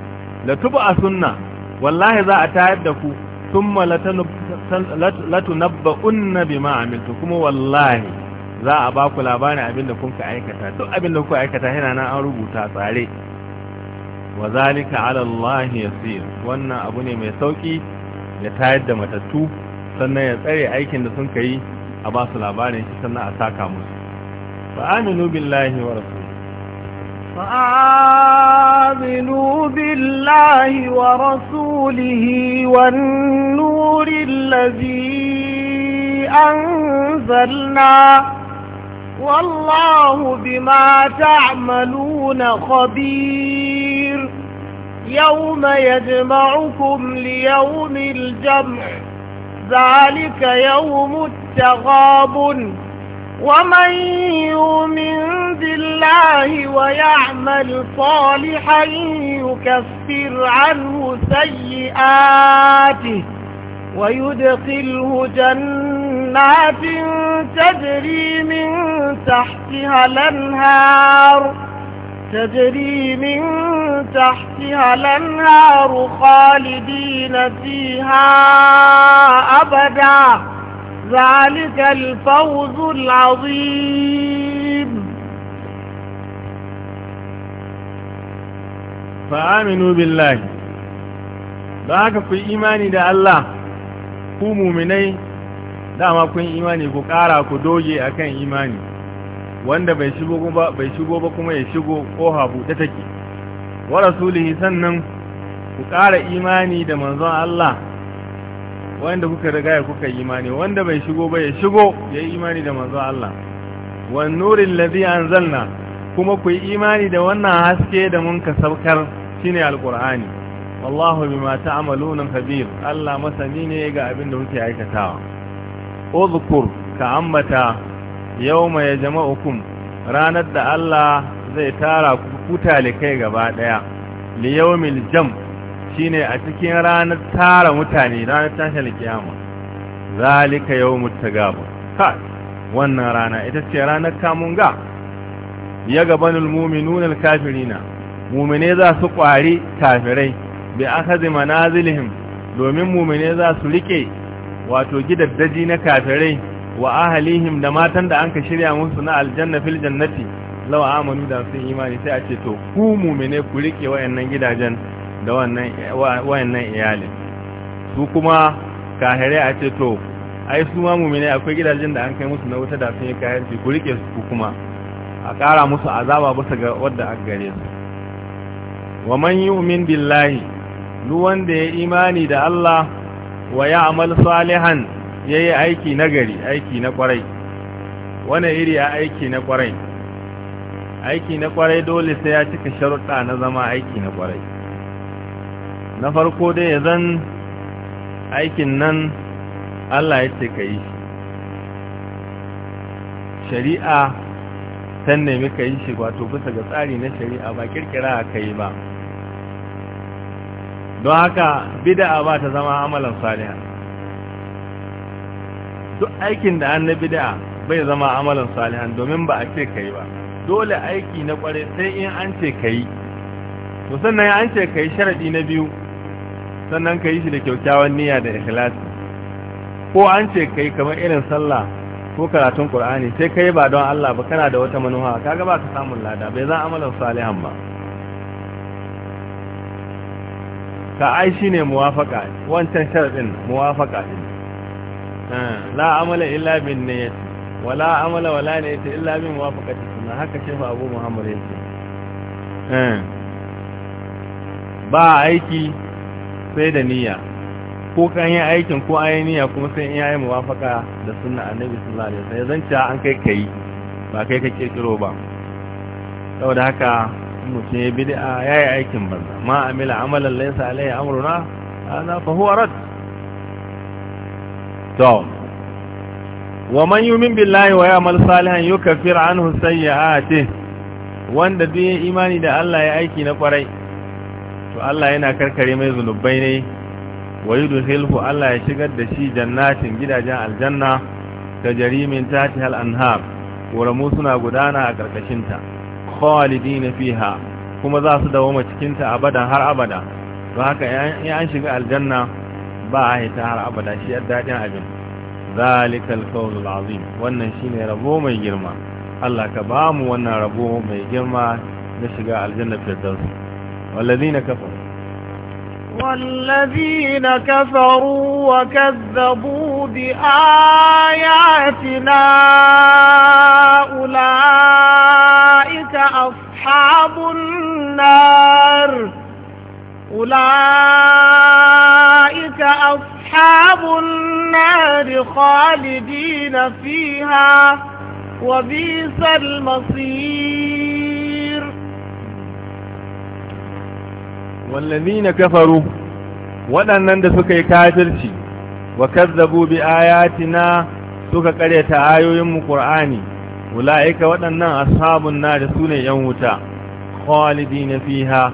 la tuba a suna. wallahi za a tayar da ku thumma latunabba'unna bima amiltu kuma wallahi za a ba ku labarin abin da kun ka aikata duk abin da kuka aikata yana nan an rubuta tsare wa zalika ala Allah yasir wannan abu ne mai sauki ya tayar da matattu sannan ya tsare aikin da sun yi a ba su labarin shi sannan a saka musu fa aminu billahi wa rasul
فآمنوا بالله ورسوله والنور الذي أنزلنا والله بما تعملون خبير يوم يجمعكم ليوم الجمع ذلك يوم التغابن ومن يؤمن بالله ويعمل صالحا يكفر عنه سيئاته ويدخله جنات تجري من تحتها الانهار تجري من تحتها الانهار خالدين فيها أبداً ذلك الفوز العظيم
فآمنوا بالله ذاك في إيماني دا الله ku muminai dama kun imani ku ƙara ku doge akan imani wanda bai shigo ba kuma ya shigo koha buɗe take wa rasulihi sannan ku ƙara imani da manzon Allah wanda kuka riga ya kuka imani wanda bai shigo ba ya shigo ya yi imani da manzo Allah wan nurin ladhi anzalna kuma ku imani da wannan haske da mun ka saukar shine alqur'ani wallahu bima ta'maluna khabir Allah masani ne ga abin da kuke aikatawa uzkur ka ammata yawma yajma'ukum ranar da Allah zai tara ku kutale kai gaba daya li jam' shine a cikin ranar tara mutane ranar tashin kiyama zalika yawmut tagabun ka wannan rana ita ce ranar kamun ga ya gabanul mu'minuna kafirina mu'mine za su kwari kafirai bi akhadhi manazilihim domin mu'mine za su rike wato gidaddaji na kafirai wa ahalihim da matan da anka shirya musu na aljanna fil jannati law amanu da sun imani sai a ce to ku mu'mine ku rike wayannan gidajen da wayannan iyali, su kuma kahere a ce to ai su ma ne? akwai gidajen da an kai musu na wuta da sun yi su, ku rike su kuma a ƙara musu azaba bisa ga wadda aka gare su wa man yu'min billahi duk wanda ya imani da Allah wa amal salihan yayi aiki nagari aiki na kwarai wane iri ya aiki na kwarai aiki na kwarai dole sai ya cika sharuɗa na zama aiki na kwarai na farko dai ya zan aikin nan Allah ya ce ka yi shari'a san nemi ka yi shi wato bisa ga tsari na shari'a ba kirkira ka yi ba don haka bida'a ba ta zama amalan saliha duk aikin da an na bida'a bai zama amalan salihan domin ba a ce ka yi ba dole aiki na kware sai in an ce ka yi musamman sannan an ce ka yi sharaɗi na biyu sannan ka yi shi da kyaukyawan niyya da ikhlasi ko an ce kai kamar irin sallah ko karatun qur'ani sai kai ba don Allah ba kana da wata manufa kaga ba ka samun lada bai zan amalan salihan ba ka ai shine muwafaqa wancan sharadin muwafaqa din eh, la amala illa bin niyyah wala amala wala niyyah illa bin muwafaqati sunna haka fa Abu Muhammad yake eh, ba aiki sai da niyya ko kan yi aikin ko an yi niyya kuma sai in yayi muwafaka da sunna annabi sallallahu alaihi wasallam zan cewa an kai kai ba kai ka kiro ba saboda haka mutum ya bid'a yayi aikin banza ma amila amalan laysa alaihi amruna ana fa huwa rad to wa man yu'min billahi wa ya'mal salihan yukaffir anhu sayyi'atihi wanda duk imani da Allah ya aiki na kwarai to Allah yana karkare mai zunubai ne wa yudkhilhu Allah ya shigar da shi jannatin gidajen aljanna da jarimin tatiha al-anhar waramu suna gudana a karkashin ta khalidina fiha kuma za su dawoma cikinta abada har abada don haka in an shiga aljanna ba a hita har abada shi daɗin abin zalikal fawzul azim wannan shine rabo mai girma Allah ka ba mu wannan rabo mai girma na shiga aljanna firdausi والذين كفروا
والذين كفروا وكذبوا بآياتنا أولئك أصحاب النار أولئك أصحاب النار خالدين فيها وبئس المصير
na kafaru waɗannan da suka yi kafirci wa kazzabu bi ayatina suka karyata ayoyin mu qur'ani ulaika waɗannan ashabun nar sune yan wuta khalidina fiha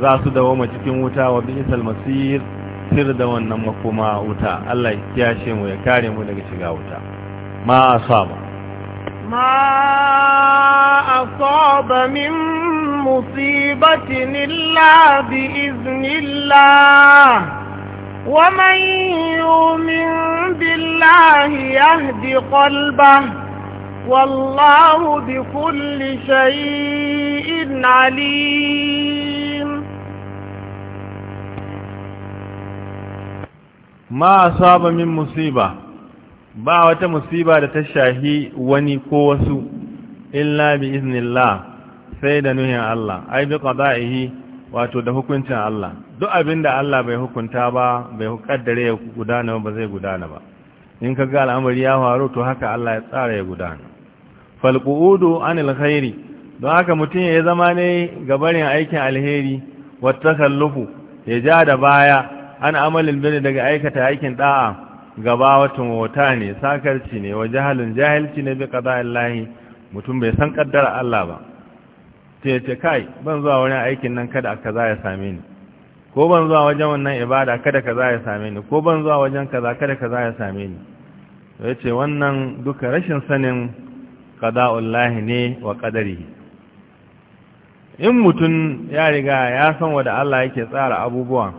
za su dawoma cikin wuta wa bi'sal masir sir da wannan makoma wuta Allah ya kiyashe mu ya kare mu daga shiga wuta ma asaba
ma asaba min مصيبة إلا بإذن الله ومن يؤمن بالله يهد قلبه والله بكل شيء عليم
ما أصاب من مصيبة ba wata musiba da ta shahi wani ko wasu illa bi iznillah sai da nuhin Allah ai bi qada'ihi wato da hukuncin Allah duk abinda Allah bai hukunta ba bai kaddare ya gudana ba zai gudana ba in ka ga al'amari ya faru to haka Allah ya tsara ya gudana fal qu'udu anil khairi don haka mutum ya zama ne gabarin aikin alheri wa takallufu ya ja da baya an amalin bin daga aikata aikin ɗa'a gaba wata wata ne sakarci ne wa jahalin jahilci ne bi qada'illahi mutum bai san kaddara Allah ba sai kai ban zuwa wani aikin nan kada za ya same ni ko ban zuwa wajen wannan ibada kada ka za ya same ni ko ban zuwa wajen kaza kada ka za ya same ni ya ce wannan duka rashin sanin qada'ullahi ne wa qadarihi in mutum ya riga ya san wanda Allah yake tsara abubuwa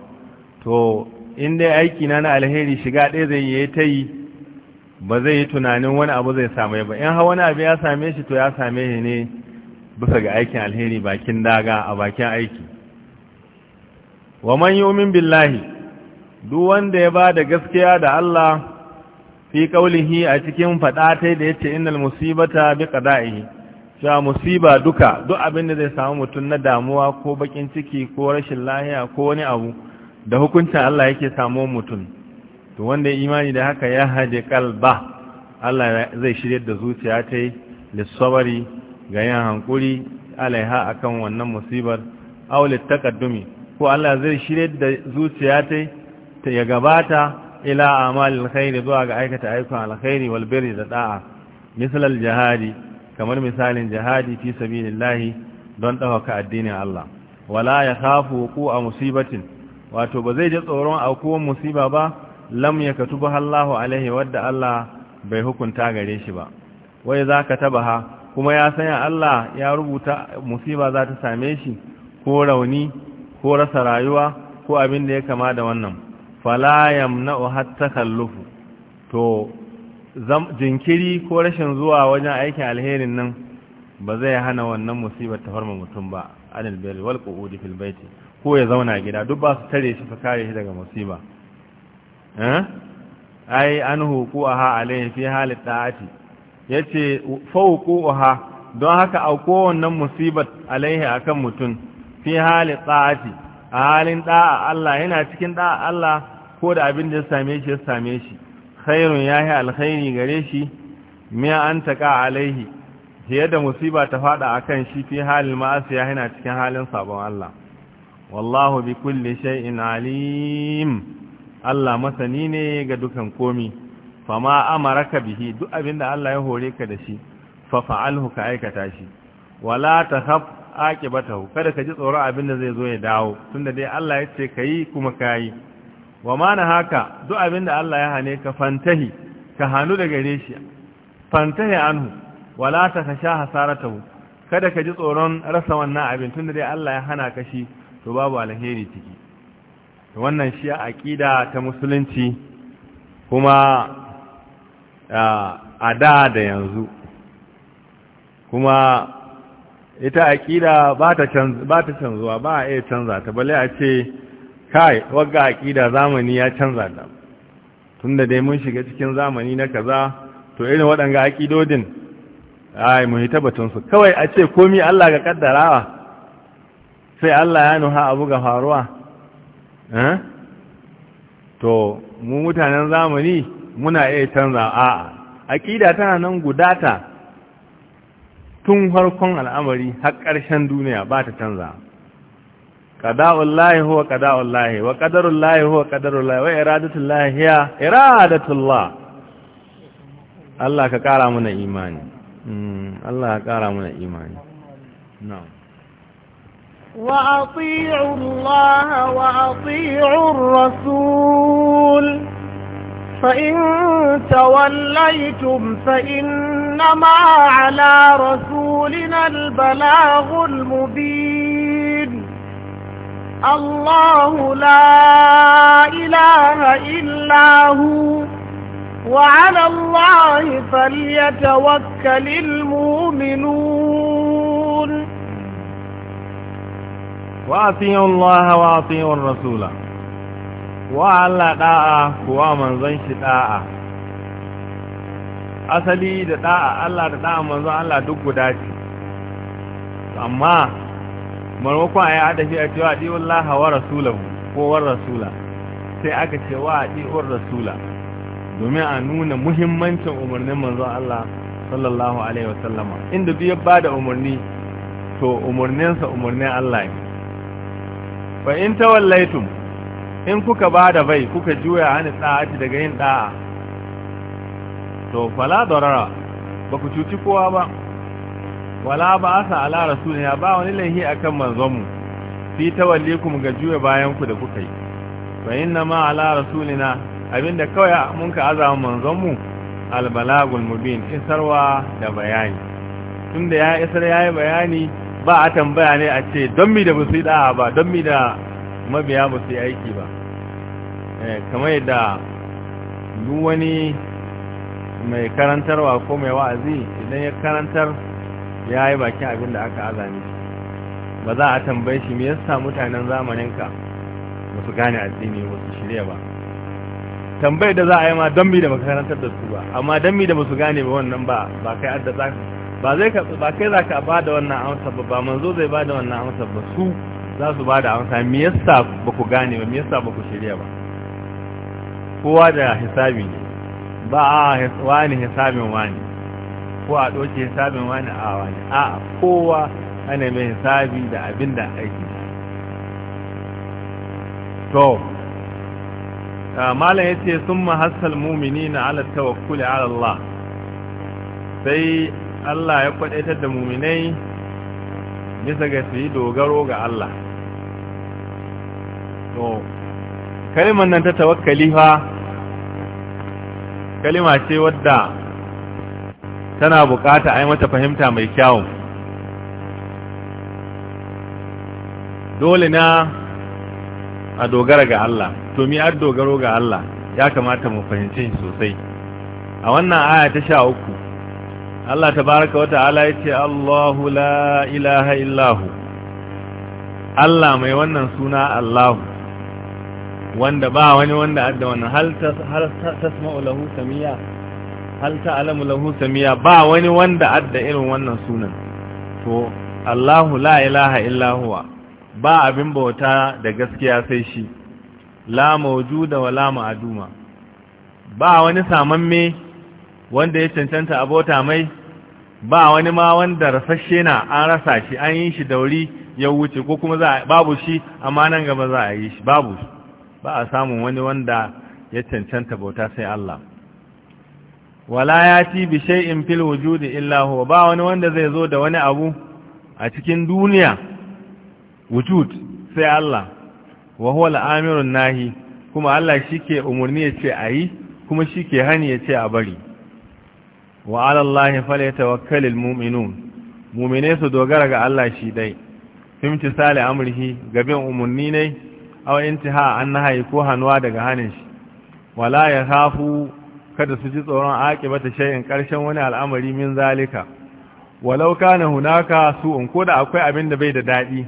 to in dai aiki na na alheri shiga ɗaya zai yi ta yi ba zai yi tunanin wani abu zai same ba in ha wani abu ya same shi to ya same shi ne bisa ga aikin alheri bakin daga a bakin aiki wa man yu'min billahi duk wanda ya ba da gaskiya da Allah fi kaulihi a cikin fada da yace innal musibata bi qada'ihi cewa musiba duka duk abin da zai samu mutum na damuwa ko bakin ciki ko rashin lahiya ko wani abu da hukuncin Allah yake samu mutum to wanda ya imani da haka ya haje kalba Allah zai shirye da zuciya ta yi lissabari ga yin hankuri alaiha a kan wannan musibar aulit takaddumi ko Allah zai shirye da zuciya ta ya gabata ila amalin khairi zuwa ga aikata ayyukan alkhairi walbiri da da'a misal jihadi kamar misalin jihadi fi sabilillahi don dauka addinin Allah wala ya khafu a musibatin wato ba zai ji tsoron aukuwan musiba ba lam yakatubu Allahu alaihi wadda Allah bai hukunta gare shi ba wai za ka tabaha kuma ya sanya Allah ya rubuta musiba za ta same shi ko rauni ko rasa rayuwa ko abin da ya kama da wannan falayam na hatta kallufu to jinkiri ko rashin zuwa wajen aikin alherin nan ba zai hana wannan musibar ta farma mutum ba Adal birri wal qu'udi fil ko ya zauna gida duk ba su tare shi fa kare shi daga musiba eh ai anhu ku aha alaihi fi halit ta'ati ya ce fauƙu'uha don haka a kowannan musibat alaihi akan mutum fi hali tsa'ati a halin ɗa'a Allah yana cikin ɗa'a Allah ko da abin da ya same shi ya same shi khairun ya yi alkhairi gare shi miya an taƙa alaihi fiye da musiba ta faɗa akan shi fi halin ma'asi ya yana cikin halin sabon Allah wallahu bi kulli shay'in alim Allah masani ne ga dukan komi fama ka bihi duk abin da Allah ya hore ka da shi fa fa'alhu ka aikata shi wala ta takhaf aqibatahu kada ka ji tsoro da zai zo ya dawo tunda dai Allah ya ce kai kuma kai wa mana haka duk abin da Allah ya hane ka fantahi ka hanu daga gare shi fantahi anhu wala takhasha hasaratahu kada ka ji tsoron rasa wannan abin tunda dai Allah ya hana ka shi to babu alheri ciki wannan shi aqida ta musulunci kuma a da da yanzu kuma ita aƙida ba ta canzuwa ba a iya canza ta bale a ce kai wagga aƙida zamani ya canza ta tun da dai mun shiga cikin zamani na kaza to irin waɗanga aƙidodin ai mun hita batunsu kawai a ce komi Allah ga kaddarawa sai Allah ya nuha abu ga faruwa eh? to mu mutanen zamani muna iya canza a'a aƙida tana nan gudata tun harkon al'amari har ƙarshen duniya ba ta canza ƙada'un lahi huwa ƙada'un lahi wa ƙadarun huwa ƙadarun wa iradatullahi lahi ya iradatun Allah ka ƙara muna imani mm, Allah ka ƙara muna imani na'am
وأطيعوا الله وأطيعوا الرسول فإن توليتم فإنما على رسولنا البلاغ المبين الله لا إله إلا هو وعلى الله فليتوكل المؤمنون
وأطيعوا الله وأطيعوا الرسول wa Allah da'a kuwa manzon shi da'a asali da da'a Allah da da'a manzon Allah duk guda ce amma marmakon ayi hada shi a cewa diwon laha wa rasulahu ko war rasula sai aka ce wa war rasula domin a nuna muhimmancin umarnin manzon Allah sallallahu alaihi wasallama inda duk ya bada umarni to umarninsa umarnin Allah ne fa in tawallaitum in kuka ba da bai kuka juya hannun ɗa'aci daga yin ɗa'a to fala dorara ba ku cuci kowa ba wala ba a asa ala ya ba wani laihi akan manzonmu fi kuma ga juya bayanku da kuka yi fa inna ma alara rasulina abinda kawai mun ka azama manzonmu albalagul mubin isarwa da bayani tunda ya isar yayi bayani ba a tambaya ne a ce don mi da musu da'a ba don mi da mabiya ba su yi aiki ba eh, kamar yadda duk wani mai karantarwa ko mai wa'azi idan ya karantar ya yi bakin abin da aka azami ba za a tambaye shi me yasa mutanen zamaninka ba su gane addini ba su shirya ba tambayar da za a yi ma don mi da baka karantar da su ba amma don mi da ba su gane ba wannan ba ba kai adda za ba zai ba kai za ka ba da wannan amsa ba ba manzo zai ba da wannan amsa ba su za su ba da amsa me yasa ba ku gane ba me yasa ba ku shirya ba kowa da hisabi ne ba a wani hisabin wani ko a ɗauke hisabin wani a wani a kowa ana mai hisabi da abin da aiki to malam ya ce sun mahassal mumini na ala tawakkuli ala Allah sai Allah ya kwaɗaitar da muminai bisa ga su yi dogaro ga Allah to kalimar nan ta tawakkali fa kalima ce wadda tana bukata a yi mata fahimta mai kyawun dole na a dogara ga Allah to mi ar dogaro ga Allah ya kamata mu fahimci sosai a wannan aya ta sha uku Allah tabaraka wa ta'ala ya ce Allahu la ilaha illahu Allah mai wannan suna Allahu wanda ba wani wanda adda wannan hal tasma'u lahu samia hal ta'lamu lahu samia ba wani wanda adda irin wannan sunan to Allahu la ilaha illa huwa ba abin bauta da gaskiya sai shi la mawjuda wa la ma'duma ba wani samanme wanda ya cancanta abota mai ba wani ma wanda rasashe na an rasa shi an yi shi dauri ya wuce ko kuma babu shi amma nan gaba za a yi shi babu shi ba a samun wani wanda ya cancanta bauta sai Allah wala ya ci bi shay'in fil wujudi illa huwa ba wani wanda zai zo da wani abu a cikin duniya wujud sai Allah wa huwa al-amirun nahi kuma Allah shike umurni yace ayi kuma shike hani yace a bari wa ala Allah al mu'minun mu'mine su dogara ga Allah shi dai fimtisali amrihi gaben umurni ne aw intiha an nahayi ko daga hanin shi wala ya hafu kada su ji tsoron aqibata shay'in karshen wani al'amari min zalika walau kana hunaka in ko da akwai abin da bai da daɗi,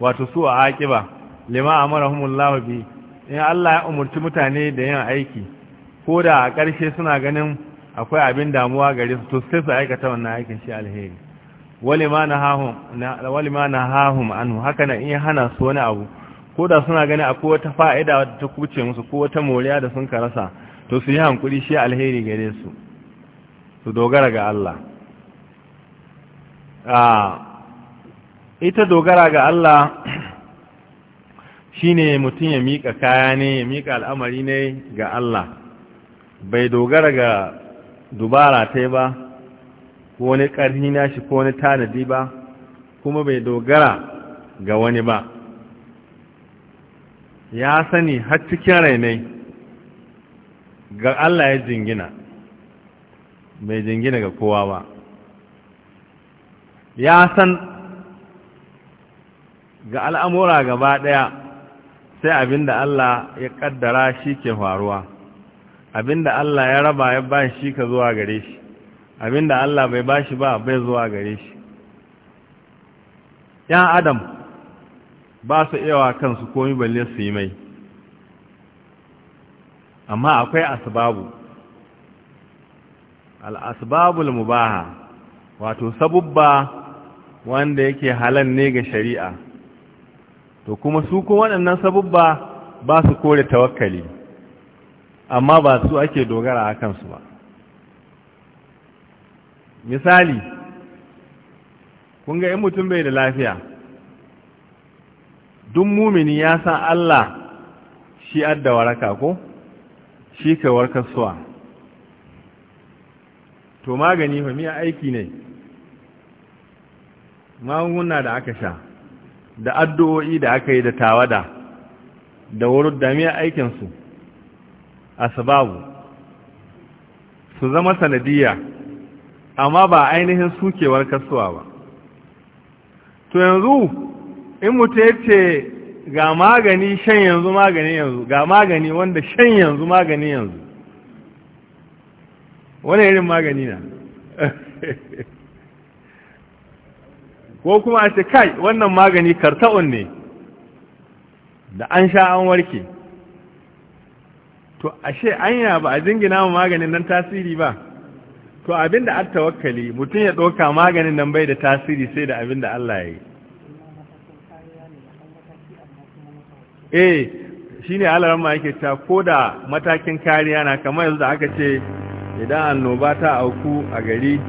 wato su a aqiba lima amarahumullahu bi in Allah ya umurci mutane da yin aiki ko da a ƙarshe suna ganin akwai abin damuwa gare su to sai su aikata wannan aikin shi alheri wali na hahun anhu haka na in hana su wani abu ko da suna gani kowa wata fa'ida da ta kuce musu kowata ta moriya da sun karasa to su yi hankuri shi alheri gare su su dogara ga Allah ita dogara ga Allah shi ne mutum ya mika kaya ne ya mika al'amari ne ga Allah bai dogara ga dubara ta ba ko wani ƙarfi nashi ko wani tanadi ba kuma bai dogara ga wani ba ya sani har cikin rainai ga Allah ya jingina bai jingina ga kowa ba ya san ga al'amura gaba ɗaya sai abinda Allah ya ƙaddara shi ke faruwa abinda Allah ya raba ya ba shi ka zuwa gare shi abinda Allah bai ba shi ba bai zuwa gare shi ‘yan adam’ ba su iyawa kansu komi balle su yi mai amma akwai asbabu asbabul mubaha wato sabubba wanda yake halan ne ga shari'a to kuma su ko waɗannan sabubba ba su kore tawakkali amma ba su ake dogara a kansu ba misali kun ga in mutum bai da lafiya duk mumini ya san Allah shi adda waraka ko shi ka suwa to magani fa miya aiki ne magunguna da aka sha da addu'o'i da aka yi da tawada da wurin da miya aikinsu sababu su zama sanadiyya amma ba ainihin sukewar kasuwa ba to yanzu in mutu ya ce ga magani shan yanzu magani yanzu ga magani wanda shan yanzu magani yanzu wani irin magani na ko kuma a ce kai wannan magani karta'un ne da an sha an warke to ashe anya ba a jingina ma maganin nan tasiri ba to abinda at tawakkali mutum ya ɗauka maganin nan bai da tasiri sai da abinda Allah ya yi eh shine alarama yake ta da matakin kariya na kamar yanzu da aka ce idan annoba ta auku a gari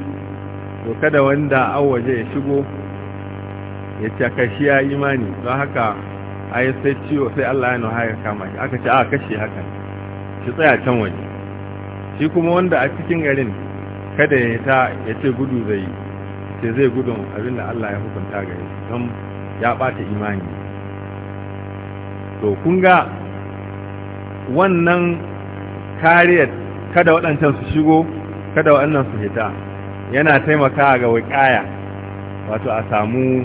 to kada wanda an waje ya shigo ya ce kashi ya imani don haka a yi sai ciwo sai Allah ya nuha ya kama shi aka ce a kashe haka shi tsaya can waje shi kuma wanda a cikin garin kada ya ta ya ce gudu zai ce zai gudun abinda Allah ya hukunta gari don ya bata imani to kun ga wannan kariyar kada waɗancan su shigo kada waɗannan su hita yana taimaka ga waƙaya wato a samu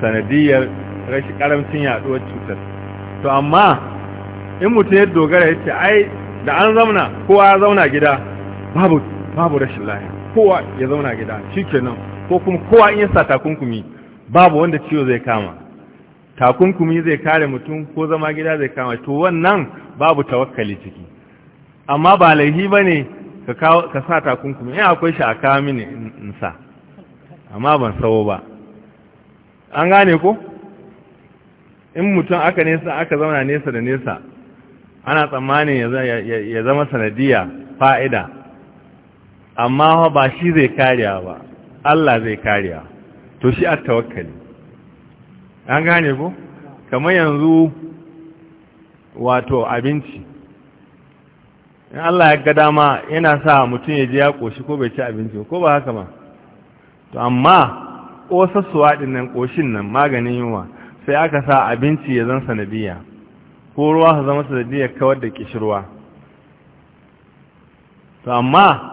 sanadiyar rashin karamcin yaduwar cutar to amma in mutum ya dogara ya ce ai da an zauna kowa ya zauna gida babu babu rashin lahiya kowa ya zauna gida shikenan ko kuma kowa in ya sa takunkumi babu wanda ciwo zai kama takunkumi zai kare mutum ko zama gida zai kama to wannan babu tawakkali ciki amma ba laihi ba ne ka sa takunkumi in akwai shi a kawo mini in sa amma ban sawo ba an gane ko in mutum aka nesa aka zauna nesa da nesa ana tsammanin ya zama sanadiya fa'ida amma ba shi zai kariya ba Allah zai kariya to shi a tawakkali an gane ko kamar yanzu wato abinci in Allah ya ga dama yana sa mutum ya je ya koshi ko bai ci abinci ko ba haka ba to amma ƙosassuwa ɗin nan ƙoshin nan maganin yunwa sai aka sa abinci ya zan sanadiyya ko ruwa su zama sanadiyya kawar da ƙishirwa to amma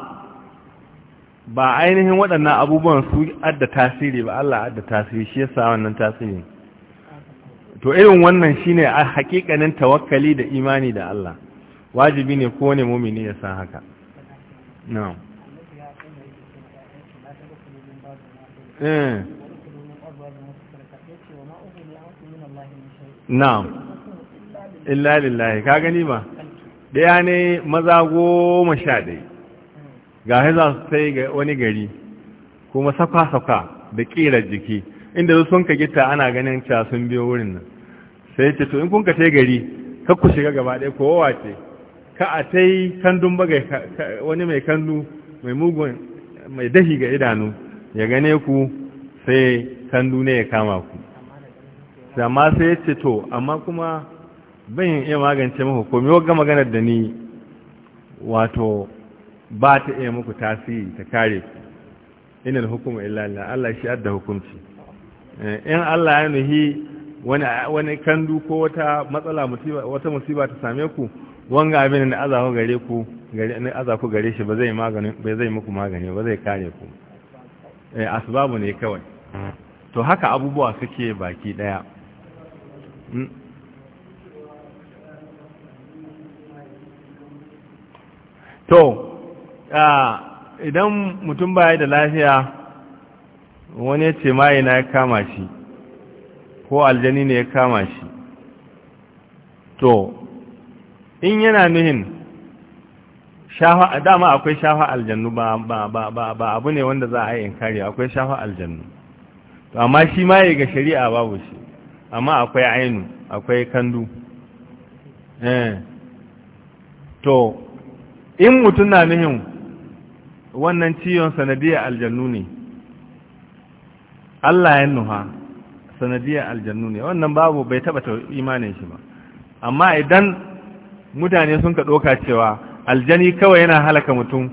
ba ainihin waɗannan abubuwan su adda tasiri ba Allah adda tasiri shi ya sa wannan tasiri to irin wannan shine a hakikanin tawakkali da imani da Allah wajibi ne ne mumini ya san haka na'am
eh. na'am illa
lillahi ka gani ba ya ne maza goma sha ɗaya ga haiza su sai wani gari kuma safa-safa da ƙirar jiki inda sun ka gita ana ganin ca sun biyo wurin nan sai ce to in kun ka tai gari ka ku shiga gaba ɗaya ko wawa ce ka a tai kandun bagai wani mai kandu mai mugun mai dahi ga idanu ya gane ku sai kandu ne ya kama ku amma sai ce to amma kuma ban yin iya magance muku komai wagga maganar da ni wato ba ta iya muku tasiri ta kare ku inal hukuma illa Allah Allah shi adda hukunci Eh, in Allah ya nuhi wani kandu ko wata matsala wata musiba ta same ku wanga abin da aza ku gare ku gare aza ku gare shi ba zai magani ba zai muku magani ba zai kare ku eh asbabu ne kawai to haka abubuwa suke baki daya hmm? to ah, idan mutum baya da lafiya wani ya ce maye na ya kama shi ko aljani ne ya kama shi to in yana nuhin dama akwai shafa aljannu ba abu ne wanda za a yi inkari akwai shafa aljannu to amma shi yi ga shari'a babu shi amma akwai ainu akwai kandu eh to in mutum na nuhin wannan ciwon sanadiyar aljannu ne Allah ya nuha sanadiyar aljannu ne wannan babu bai taba imanin shi ba amma idan mutane sun ka doka cewa aljani kawai yana halaka mutum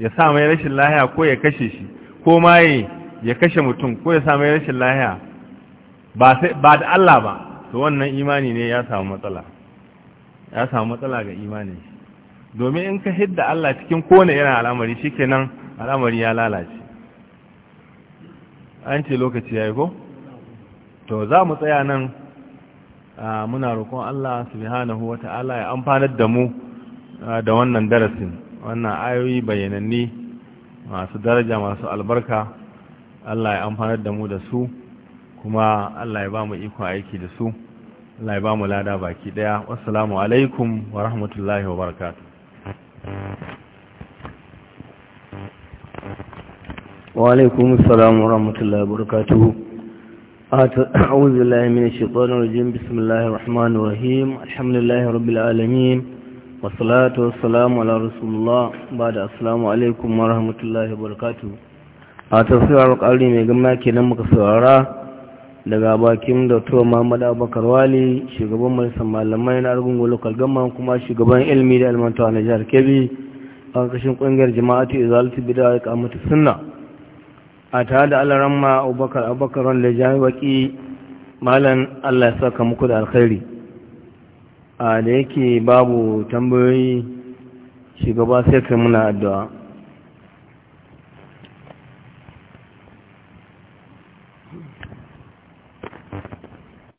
ya sa mai rashin lahiya ko ya kashe shi ko maye ya kashe mutum ko ya sa mai rashin lahiya ba da Allah ba to wannan imani ne ya samu matsala ya samu matsala ga imanin shi domin in ka hidda Allah cikin kowane irin al'amari shi kenan al'amari ya lalace an ce lokaci ya yi ko? to za mu tsaya nan muna roƙon Allah subhanahu wa ta'ala ya amfanar da mu da wannan darasin wannan ayoyi bayananni masu daraja masu albarka Allah ya amfanar da mu da su kuma Allah ya ba mu iko aiki da su Allah ya ba mu lada baki daya wassalamu alaikum wa rahmatullahi wa barakatuh
وعليكم السلام ورحمة الله وبركاته
أعوذ بالله من الشيطان الرجيم بسم الله الرحمن الرحيم الحمد
لله رب العالمين والصلاة والسلام على رسول الله بعد السلام عليكم ورحمة الله وبركاته
أتصير القلب من جمعك نمك سوارا daga bakin da tuwa Muhammad Abubakar Wali shugaban majalisar malamai na argungu local gama kuma shugaban ilimi da almantawa na jihar Kebbi a ƙarƙashin ƙungiyar jama'atu izalatu bid'a sunna a tare da alaran ma abubakar abubakar wanda ya waki malan allah ya saka muku da alkhairi a da yake babu tambayoyi shugaba sai kai muna addu'a